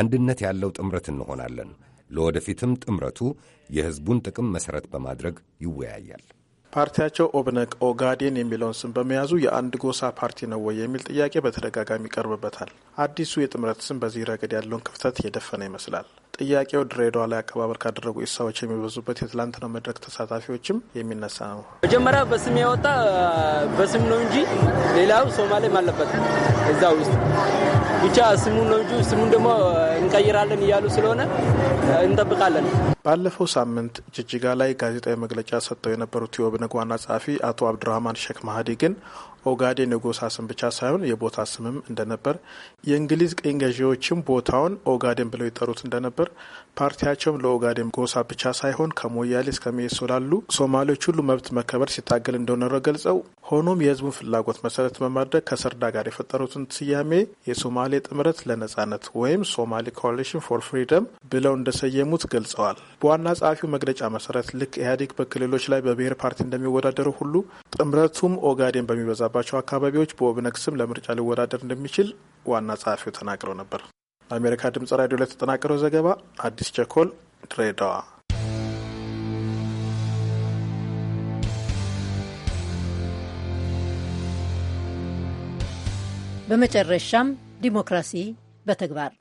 አንድነት ያለው ጥምረት እንሆናለን። ለወደፊትም ጥምረቱ የሕዝቡን ጥቅም መሠረት በማድረግ ይወያያል። ፓርቲያቸው ኦብነግ ኦጋዴን የሚለውን ስም በመያዙ የአንድ ጎሳ ፓርቲ ነው ወይ የሚል ጥያቄ በተደጋጋሚ ይቀርብበታል። አዲሱ የጥምረት ስም በዚህ ረገድ ያለውን ክፍተት የደፈነ ይመስላል። ጥያቄው ድሬዳዋ ላይ አቀባበል ካደረጉ ኢሳዎች የሚበዙበት የትላንትናው መድረክ ተሳታፊዎችም የሚነሳ ነው። መጀመሪያ በስም ያወጣ በስም ነው እንጂ ሌላው ሶማሌም አለበት እዛ ውስጥ ብቻ ስሙን ነው እንጂ ስሙን ደግሞ እንቀይራለን እያሉ ስለሆነ እንጠብቃለን። ባለፈው ሳምንት ጅጅጋ ላይ ጋዜጣዊ መግለጫ ሰጥተው የነበሩት የኦብነግ ዋና ጸሐፊ አቶ አብዱራህማን ሼክ መሀዲ ግን ኦጋዴን የጎሳ ስም ብቻ ሳይሆን የቦታ ስምም እንደነበር፣ የእንግሊዝ ቅኝ ገዢዎችም ቦታውን ኦጋዴን ብለው ይጠሩት እንደነበር፣ ፓርቲያቸውም ለኦጋዴን ጎሳ ብቻ ሳይሆን ከሞያሌ እስከ ሜሶ ላሉ ሶማሌዎች ሁሉ መብት መከበር ሲታገል እንደኖረ ገልጸው፣ ሆኖም የህዝቡን ፍላጎት መሰረት በማድረግ ከሰርዳ ጋር የፈጠሩትን ስያሜ የሶማሌ ጥምረት ለነጻነት ወይም ሶማሌ ኮሊሽን ፎር ፍሪደም ብለው እንደሰየሙት ገልጸዋል። በዋና ጸሐፊው መግለጫ መሰረት ልክ ኢህአዴግ በክልሎች ላይ በብሔር ፓርቲ እንደሚወዳደረው ሁሉ ጥምረቱም ኦጋዴን በሚበዛ ባለባቸው አካባቢዎች በኦብነግ ስም ለምርጫ ሊወዳደር እንደሚችል ዋና ጸሐፊው ተናግረው ነበር። ለአሜሪካ ድምጽ ራዲዮ ለተጠናቀረው ዘገባ አዲስ ቸኮል ድሬዳዋ። በመጨረሻም ዲሞክራሲ በተግባር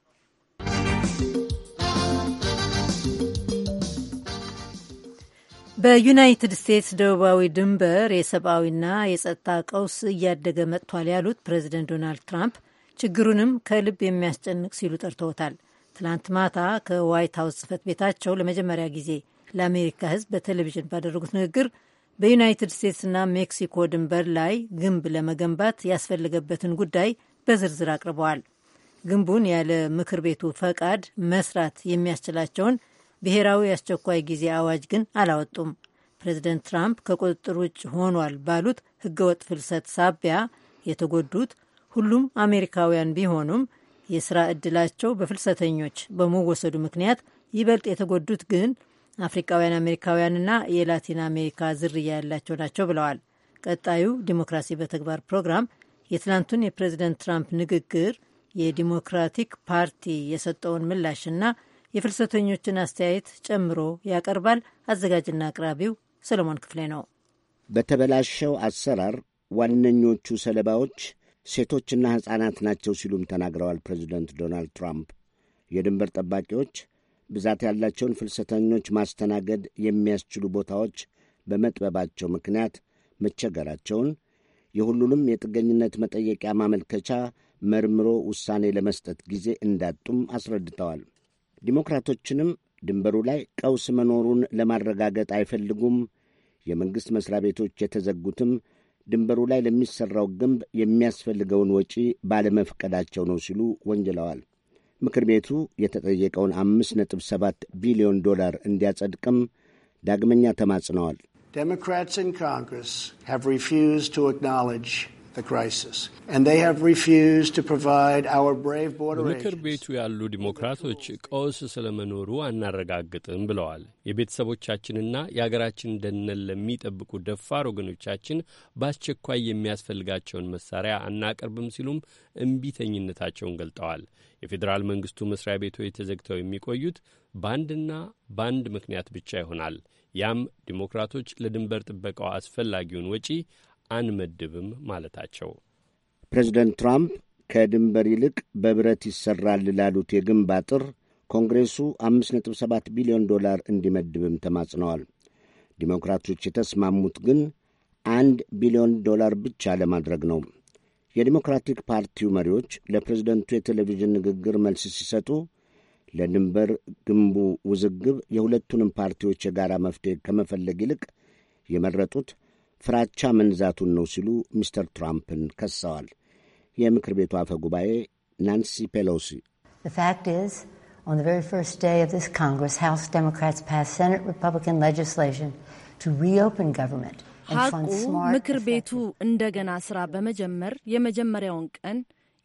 በዩናይትድ ስቴትስ ደቡባዊ ድንበር የሰብአዊና የጸጥታ ቀውስ እያደገ መጥቷል ያሉት ፕሬዚደንት ዶናልድ ትራምፕ ችግሩንም ከልብ የሚያስጨንቅ ሲሉ ጠርተውታል። ትላንት ማታ ከዋይት ሀውስ ጽህፈት ቤታቸው ለመጀመሪያ ጊዜ ለአሜሪካ ሕዝብ በቴሌቪዥን ባደረጉት ንግግር በዩናይትድ ስቴትስና ሜክሲኮ ድንበር ላይ ግንብ ለመገንባት ያስፈለገበትን ጉዳይ በዝርዝር አቅርበዋል። ግንቡን ያለ ምክር ቤቱ ፈቃድ መስራት የሚያስችላቸውን ብሔራዊ የአስቸኳይ ጊዜ አዋጅ ግን አላወጡም። ፕሬዚደንት ትራምፕ ከቁጥጥር ውጭ ሆኗል ባሉት ህገወጥ ፍልሰት ሳቢያ የተጎዱት ሁሉም አሜሪካውያን ቢሆኑም የስራ ዕድላቸው በፍልሰተኞች በመወሰዱ ምክንያት ይበልጥ የተጎዱት ግን አፍሪካውያን አሜሪካውያንና የላቲን አሜሪካ ዝርያ ያላቸው ናቸው ብለዋል። ቀጣዩ ዲሞክራሲ በተግባር ፕሮግራም የትናንቱን የፕሬዚደንት ትራምፕ ንግግር የዲሞክራቲክ ፓርቲ የሰጠውን ምላሽና የፍልሰተኞችን አስተያየት ጨምሮ ያቀርባል። አዘጋጅና አቅራቢው ሰለሞን ክፍሌ ነው። በተበላሸው አሰራር ዋነኞቹ ሰለባዎች ሴቶችና ሕፃናት ናቸው ሲሉም ተናግረዋል ፕሬዚደንት ዶናልድ ትራምፕ። የድንበር ጠባቂዎች ብዛት ያላቸውን ፍልሰተኞች ማስተናገድ የሚያስችሉ ቦታዎች በመጥበባቸው ምክንያት መቸገራቸውን፣ የሁሉንም የጥገኝነት መጠየቂያ ማመልከቻ መርምሮ ውሳኔ ለመስጠት ጊዜ እንዳጡም አስረድተዋል። ዲሞክራቶችንም ድንበሩ ላይ ቀውስ መኖሩን ለማረጋገጥ አይፈልጉም። የመንግሥት መሥሪያ ቤቶች የተዘጉትም ድንበሩ ላይ ለሚሠራው ግንብ የሚያስፈልገውን ወጪ ባለመፍቀዳቸው ነው ሲሉ ወንጅለዋል። ምክር ቤቱ የተጠየቀውን አምስት ነጥብ ሰባት ቢሊዮን ዶላር እንዲያጸድቅም ዳግመኛ ተማጽነዋል። ዴሞክራትስ ኢን ኮንግረስ ሃቭ ሪፊውዝድ ቱ አክኖሌጅ በምክር ቤቱ ያሉ ዲሞክራቶች ቀውስ ስለመኖሩ አናረጋግጥም ብለዋል። የቤተሰቦቻችንና የአገራችን ደህንነት ለሚጠብቁ ደፋር ወገኖቻችን በአስቸኳይ የሚያስፈልጋቸውን መሳሪያ አናቀርብም ሲሉም እምቢተኝነታቸውን ገልጠዋል። የፌዴራል መንግስቱ መስሪያ ቤቶች ተዘግተው የሚቆዩት በአንድና በአንድ ምክንያት ብቻ ይሆናል። ያም ዲሞክራቶች ለድንበር ጥበቃው አስፈላጊውን ወጪ አንመድብም ማለታቸው ፕሬዚደንት ትራምፕ ከድንበር ይልቅ በብረት ይሰራል ላሉት የግንብ አጥር ኮንግሬሱ 5.7 ቢሊዮን ዶላር እንዲመድብም ተማጽነዋል። ዲሞክራቶች የተስማሙት ግን አንድ ቢሊዮን ዶላር ብቻ ለማድረግ ነው። የዲሞክራቲክ ፓርቲው መሪዎች ለፕሬዝደንቱ የቴሌቪዥን ንግግር መልስ ሲሰጡ ለድንበር ግንቡ ውዝግብ የሁለቱንም ፓርቲዎች የጋራ መፍትሄ ከመፈለግ ይልቅ የመረጡት ፍራቻ መንዛቱን ነው ሲሉ ሚስተር ትራምፕን ከሰዋል። የምክር ቤቱ አፈ ጉባኤ ናንሲ ፔሎሲ ሐቁ ምክር ቤቱ እንደገና ስራ በመጀመር የመጀመሪያውን ቀን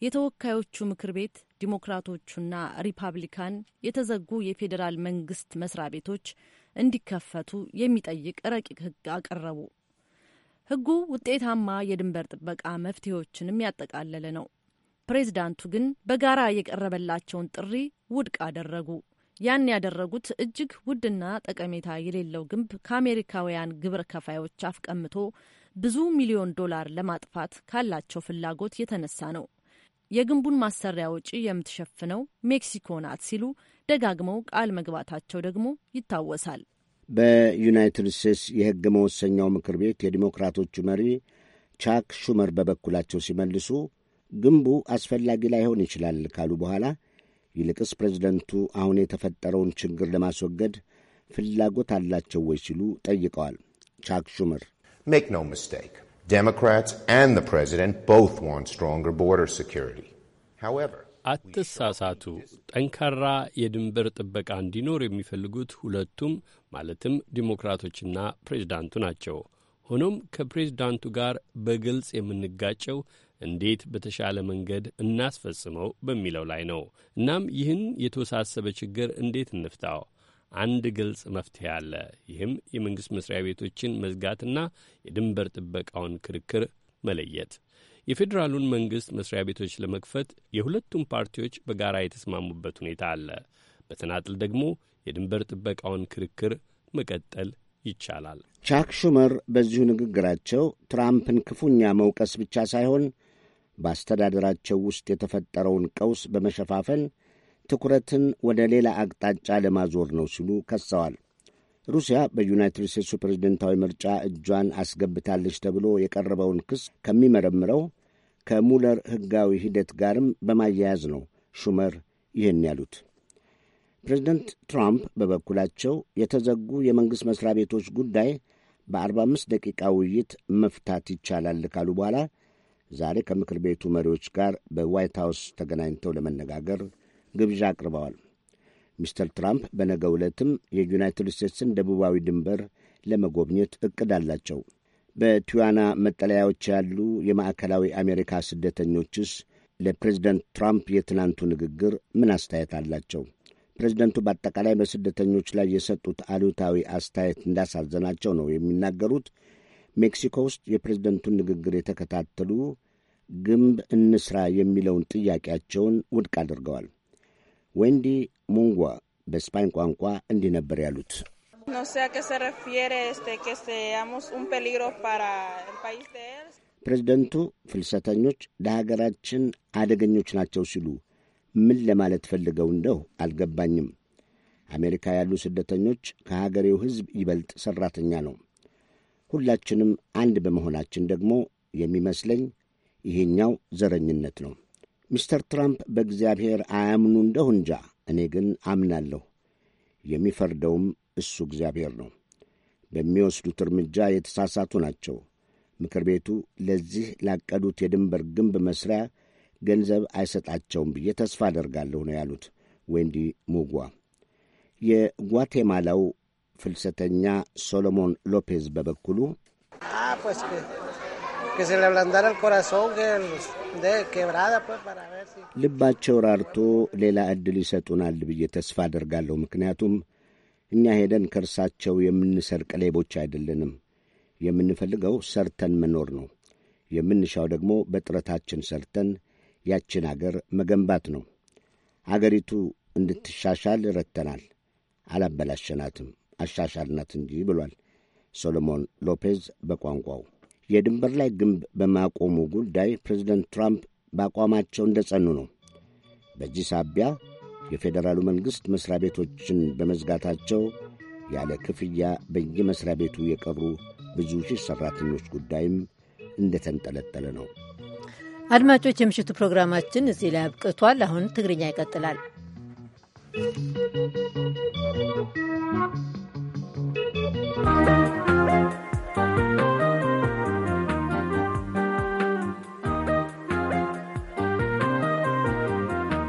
የተወካዮቹ ምክር ቤት ዲሞክራቶቹና ሪፐብሊካን የተዘጉ የፌዴራል መንግስት መስሪያ ቤቶች እንዲከፈቱ የሚጠይቅ ረቂቅ ሕግ አቀረቡ። ህጉ ውጤታማ የድንበር ጥበቃ መፍትሄዎችንም ያጠቃለለ ነው። ፕሬዚዳንቱ ግን በጋራ የቀረበላቸውን ጥሪ ውድቅ አደረጉ። ያን ያደረጉት እጅግ ውድና ጠቀሜታ የሌለው ግንብ ከአሜሪካውያን ግብር ከፋዮች አፍቀምቶ ብዙ ሚሊዮን ዶላር ለማጥፋት ካላቸው ፍላጎት የተነሳ ነው። የግንቡን ማሰሪያ ወጪ የምትሸፍነው ሜክሲኮ ናት ሲሉ ደጋግመው ቃል መግባታቸው ደግሞ ይታወሳል። በዩናይትድ ስቴትስ የሕግ መወሰኛው ምክር ቤት የዲሞክራቶቹ መሪ ቻክ ሹመር በበኩላቸው ሲመልሱ ግንቡ አስፈላጊ ላይሆን ይችላል ካሉ በኋላ ይልቅስ ፕሬዚደንቱ አሁን የተፈጠረውን ችግር ለማስወገድ ፍላጎት አላቸው ወይ ሲሉ ጠይቀዋል። ቻክ ሹመር ሜክ ኖ ሚስቴክ ዴሞክራትስ ኤንድ ዘ ፕሬዚደንት ቦዝ ዋንት ስትሮንገር ቦርደር ሃውኤቨር አትሳሳቱ። ጠንካራ የድንበር ጥበቃ እንዲኖር የሚፈልጉት ሁለቱም ማለትም ዲሞክራቶችና ፕሬዝዳንቱ ናቸው። ሆኖም ከፕሬዝዳንቱ ጋር በግልጽ የምንጋጨው እንዴት በተሻለ መንገድ እናስፈጽመው በሚለው ላይ ነው። እናም ይህን የተወሳሰበ ችግር እንዴት እንፍታው? አንድ ግልጽ መፍትሄ አለ። ይህም የመንግሥት መስሪያ ቤቶችን መዝጋትና የድንበር ጥበቃውን ክርክር መለየት የፌዴራሉን መንግሥት መስሪያ ቤቶች ለመክፈት የሁለቱም ፓርቲዎች በጋራ የተስማሙበት ሁኔታ አለ። በተናጥል ደግሞ የድንበር ጥበቃውን ክርክር መቀጠል ይቻላል። ቻክ ሹመር በዚሁ ንግግራቸው ትራምፕን ክፉኛ መውቀስ ብቻ ሳይሆን በአስተዳደራቸው ውስጥ የተፈጠረውን ቀውስ በመሸፋፈን ትኩረትን ወደ ሌላ አቅጣጫ ለማዞር ነው ሲሉ ከሰዋል። ሩሲያ በዩናይትድ ስቴትሱ ፕሬዝደንታዊ ምርጫ እጇን አስገብታለች ተብሎ የቀረበውን ክስ ከሚመረምረው ከሙለር ሕጋዊ ሂደት ጋርም በማያያዝ ነው ሹመር ይህን ያሉት። ፕሬዚደንት ትራምፕ በበኩላቸው የተዘጉ የመንግሥት መሥሪያ ቤቶች ጉዳይ በ45 ደቂቃ ውይይት መፍታት ይቻላል ካሉ በኋላ ዛሬ ከምክር ቤቱ መሪዎች ጋር በዋይት ሃውስ ተገናኝተው ለመነጋገር ግብዣ አቅርበዋል። ሚስተር ትራምፕ በነገ ዕለትም የዩናይትድ ስቴትስን ደቡባዊ ድንበር ለመጎብኘት እቅድ አላቸው። በቲዋና መጠለያዎች ያሉ የማዕከላዊ አሜሪካ ስደተኞችስ ለፕሬዝደንት ትራምፕ የትናንቱ ንግግር ምን አስተያየት አላቸው? ፕሬዝደንቱ በአጠቃላይ በስደተኞች ላይ የሰጡት አሉታዊ አስተያየት እንዳሳዘናቸው ነው የሚናገሩት። ሜክሲኮ ውስጥ የፕሬዝደንቱን ንግግር የተከታተሉ ግንብ እንስራ የሚለውን ጥያቄያቸውን ውድቅ አድርገዋል። ዌንዲ ሙንጓ በስፓኝ ቋንቋ እንዲህ ነበር ያሉት። No sé a qué se refiere este, que seamos un peligro para el país de él. ፕሬዚደንቱ ፍልሰተኞች ለሀገራችን አደገኞች ናቸው ሲሉ ምን ለማለት ፈልገው እንደው አልገባኝም። አሜሪካ ያሉ ስደተኞች ከሀገሬው ሕዝብ ይበልጥ ሠራተኛ ነው። ሁላችንም አንድ በመሆናችን ደግሞ የሚመስለኝ ይሄኛው ዘረኝነት ነው። ሚስተር ትራምፕ በእግዚአብሔር አያምኑ እንደሁ እንጃ፣ እኔ ግን አምናለሁ። የሚፈርደውም እሱ እግዚአብሔር ነው። በሚወስዱት እርምጃ የተሳሳቱ ናቸው። ምክር ቤቱ ለዚህ ላቀዱት የድንበር ግንብ መስሪያ ገንዘብ አይሰጣቸውም ብዬ ተስፋ አደርጋለሁ ነው ያሉት ዌንዲ ሙጓ። የጓቴማላው ፍልሰተኛ ሶሎሞን ሎፔዝ በበኩሉ ah, ልባቸው ራርቶ ሌላ ዕድል ይሰጡናል ብዬ ተስፋ አደርጋለሁ። ምክንያቱም እኛ ሄደን ከእርሳቸው የምንሰርቅ ሌቦች አይደለንም። የምንፈልገው ሰርተን መኖር ነው። የምንሻው ደግሞ በጥረታችን ሰርተን ያችን አገር መገንባት ነው። አገሪቱ እንድትሻሻል ረድተናል፣ አላበላሸናትም፣ አሻሻልናት እንጂ ብሏል ሶሎሞን ሎፔዝ በቋንቋው። የድንበር ላይ ግንብ በማቆሙ ጉዳይ ፕሬዚደንት ትራምፕ በአቋማቸው እንደ ጸኑ ነው። በዚህ ሳቢያ የፌዴራሉ መንግሥት መሥሪያ ቤቶችን በመዝጋታቸው ያለ ክፍያ በየመሥሪያ ቤቱ የቀሩ ብዙ ሺህ ሠራተኞች ጉዳይም እንደተንጠለጠለ ነው። አድማጮች፣ የምሽቱ ፕሮግራማችን እዚህ ላይ አብቅቷል። አሁን ትግርኛ ይቀጥላል።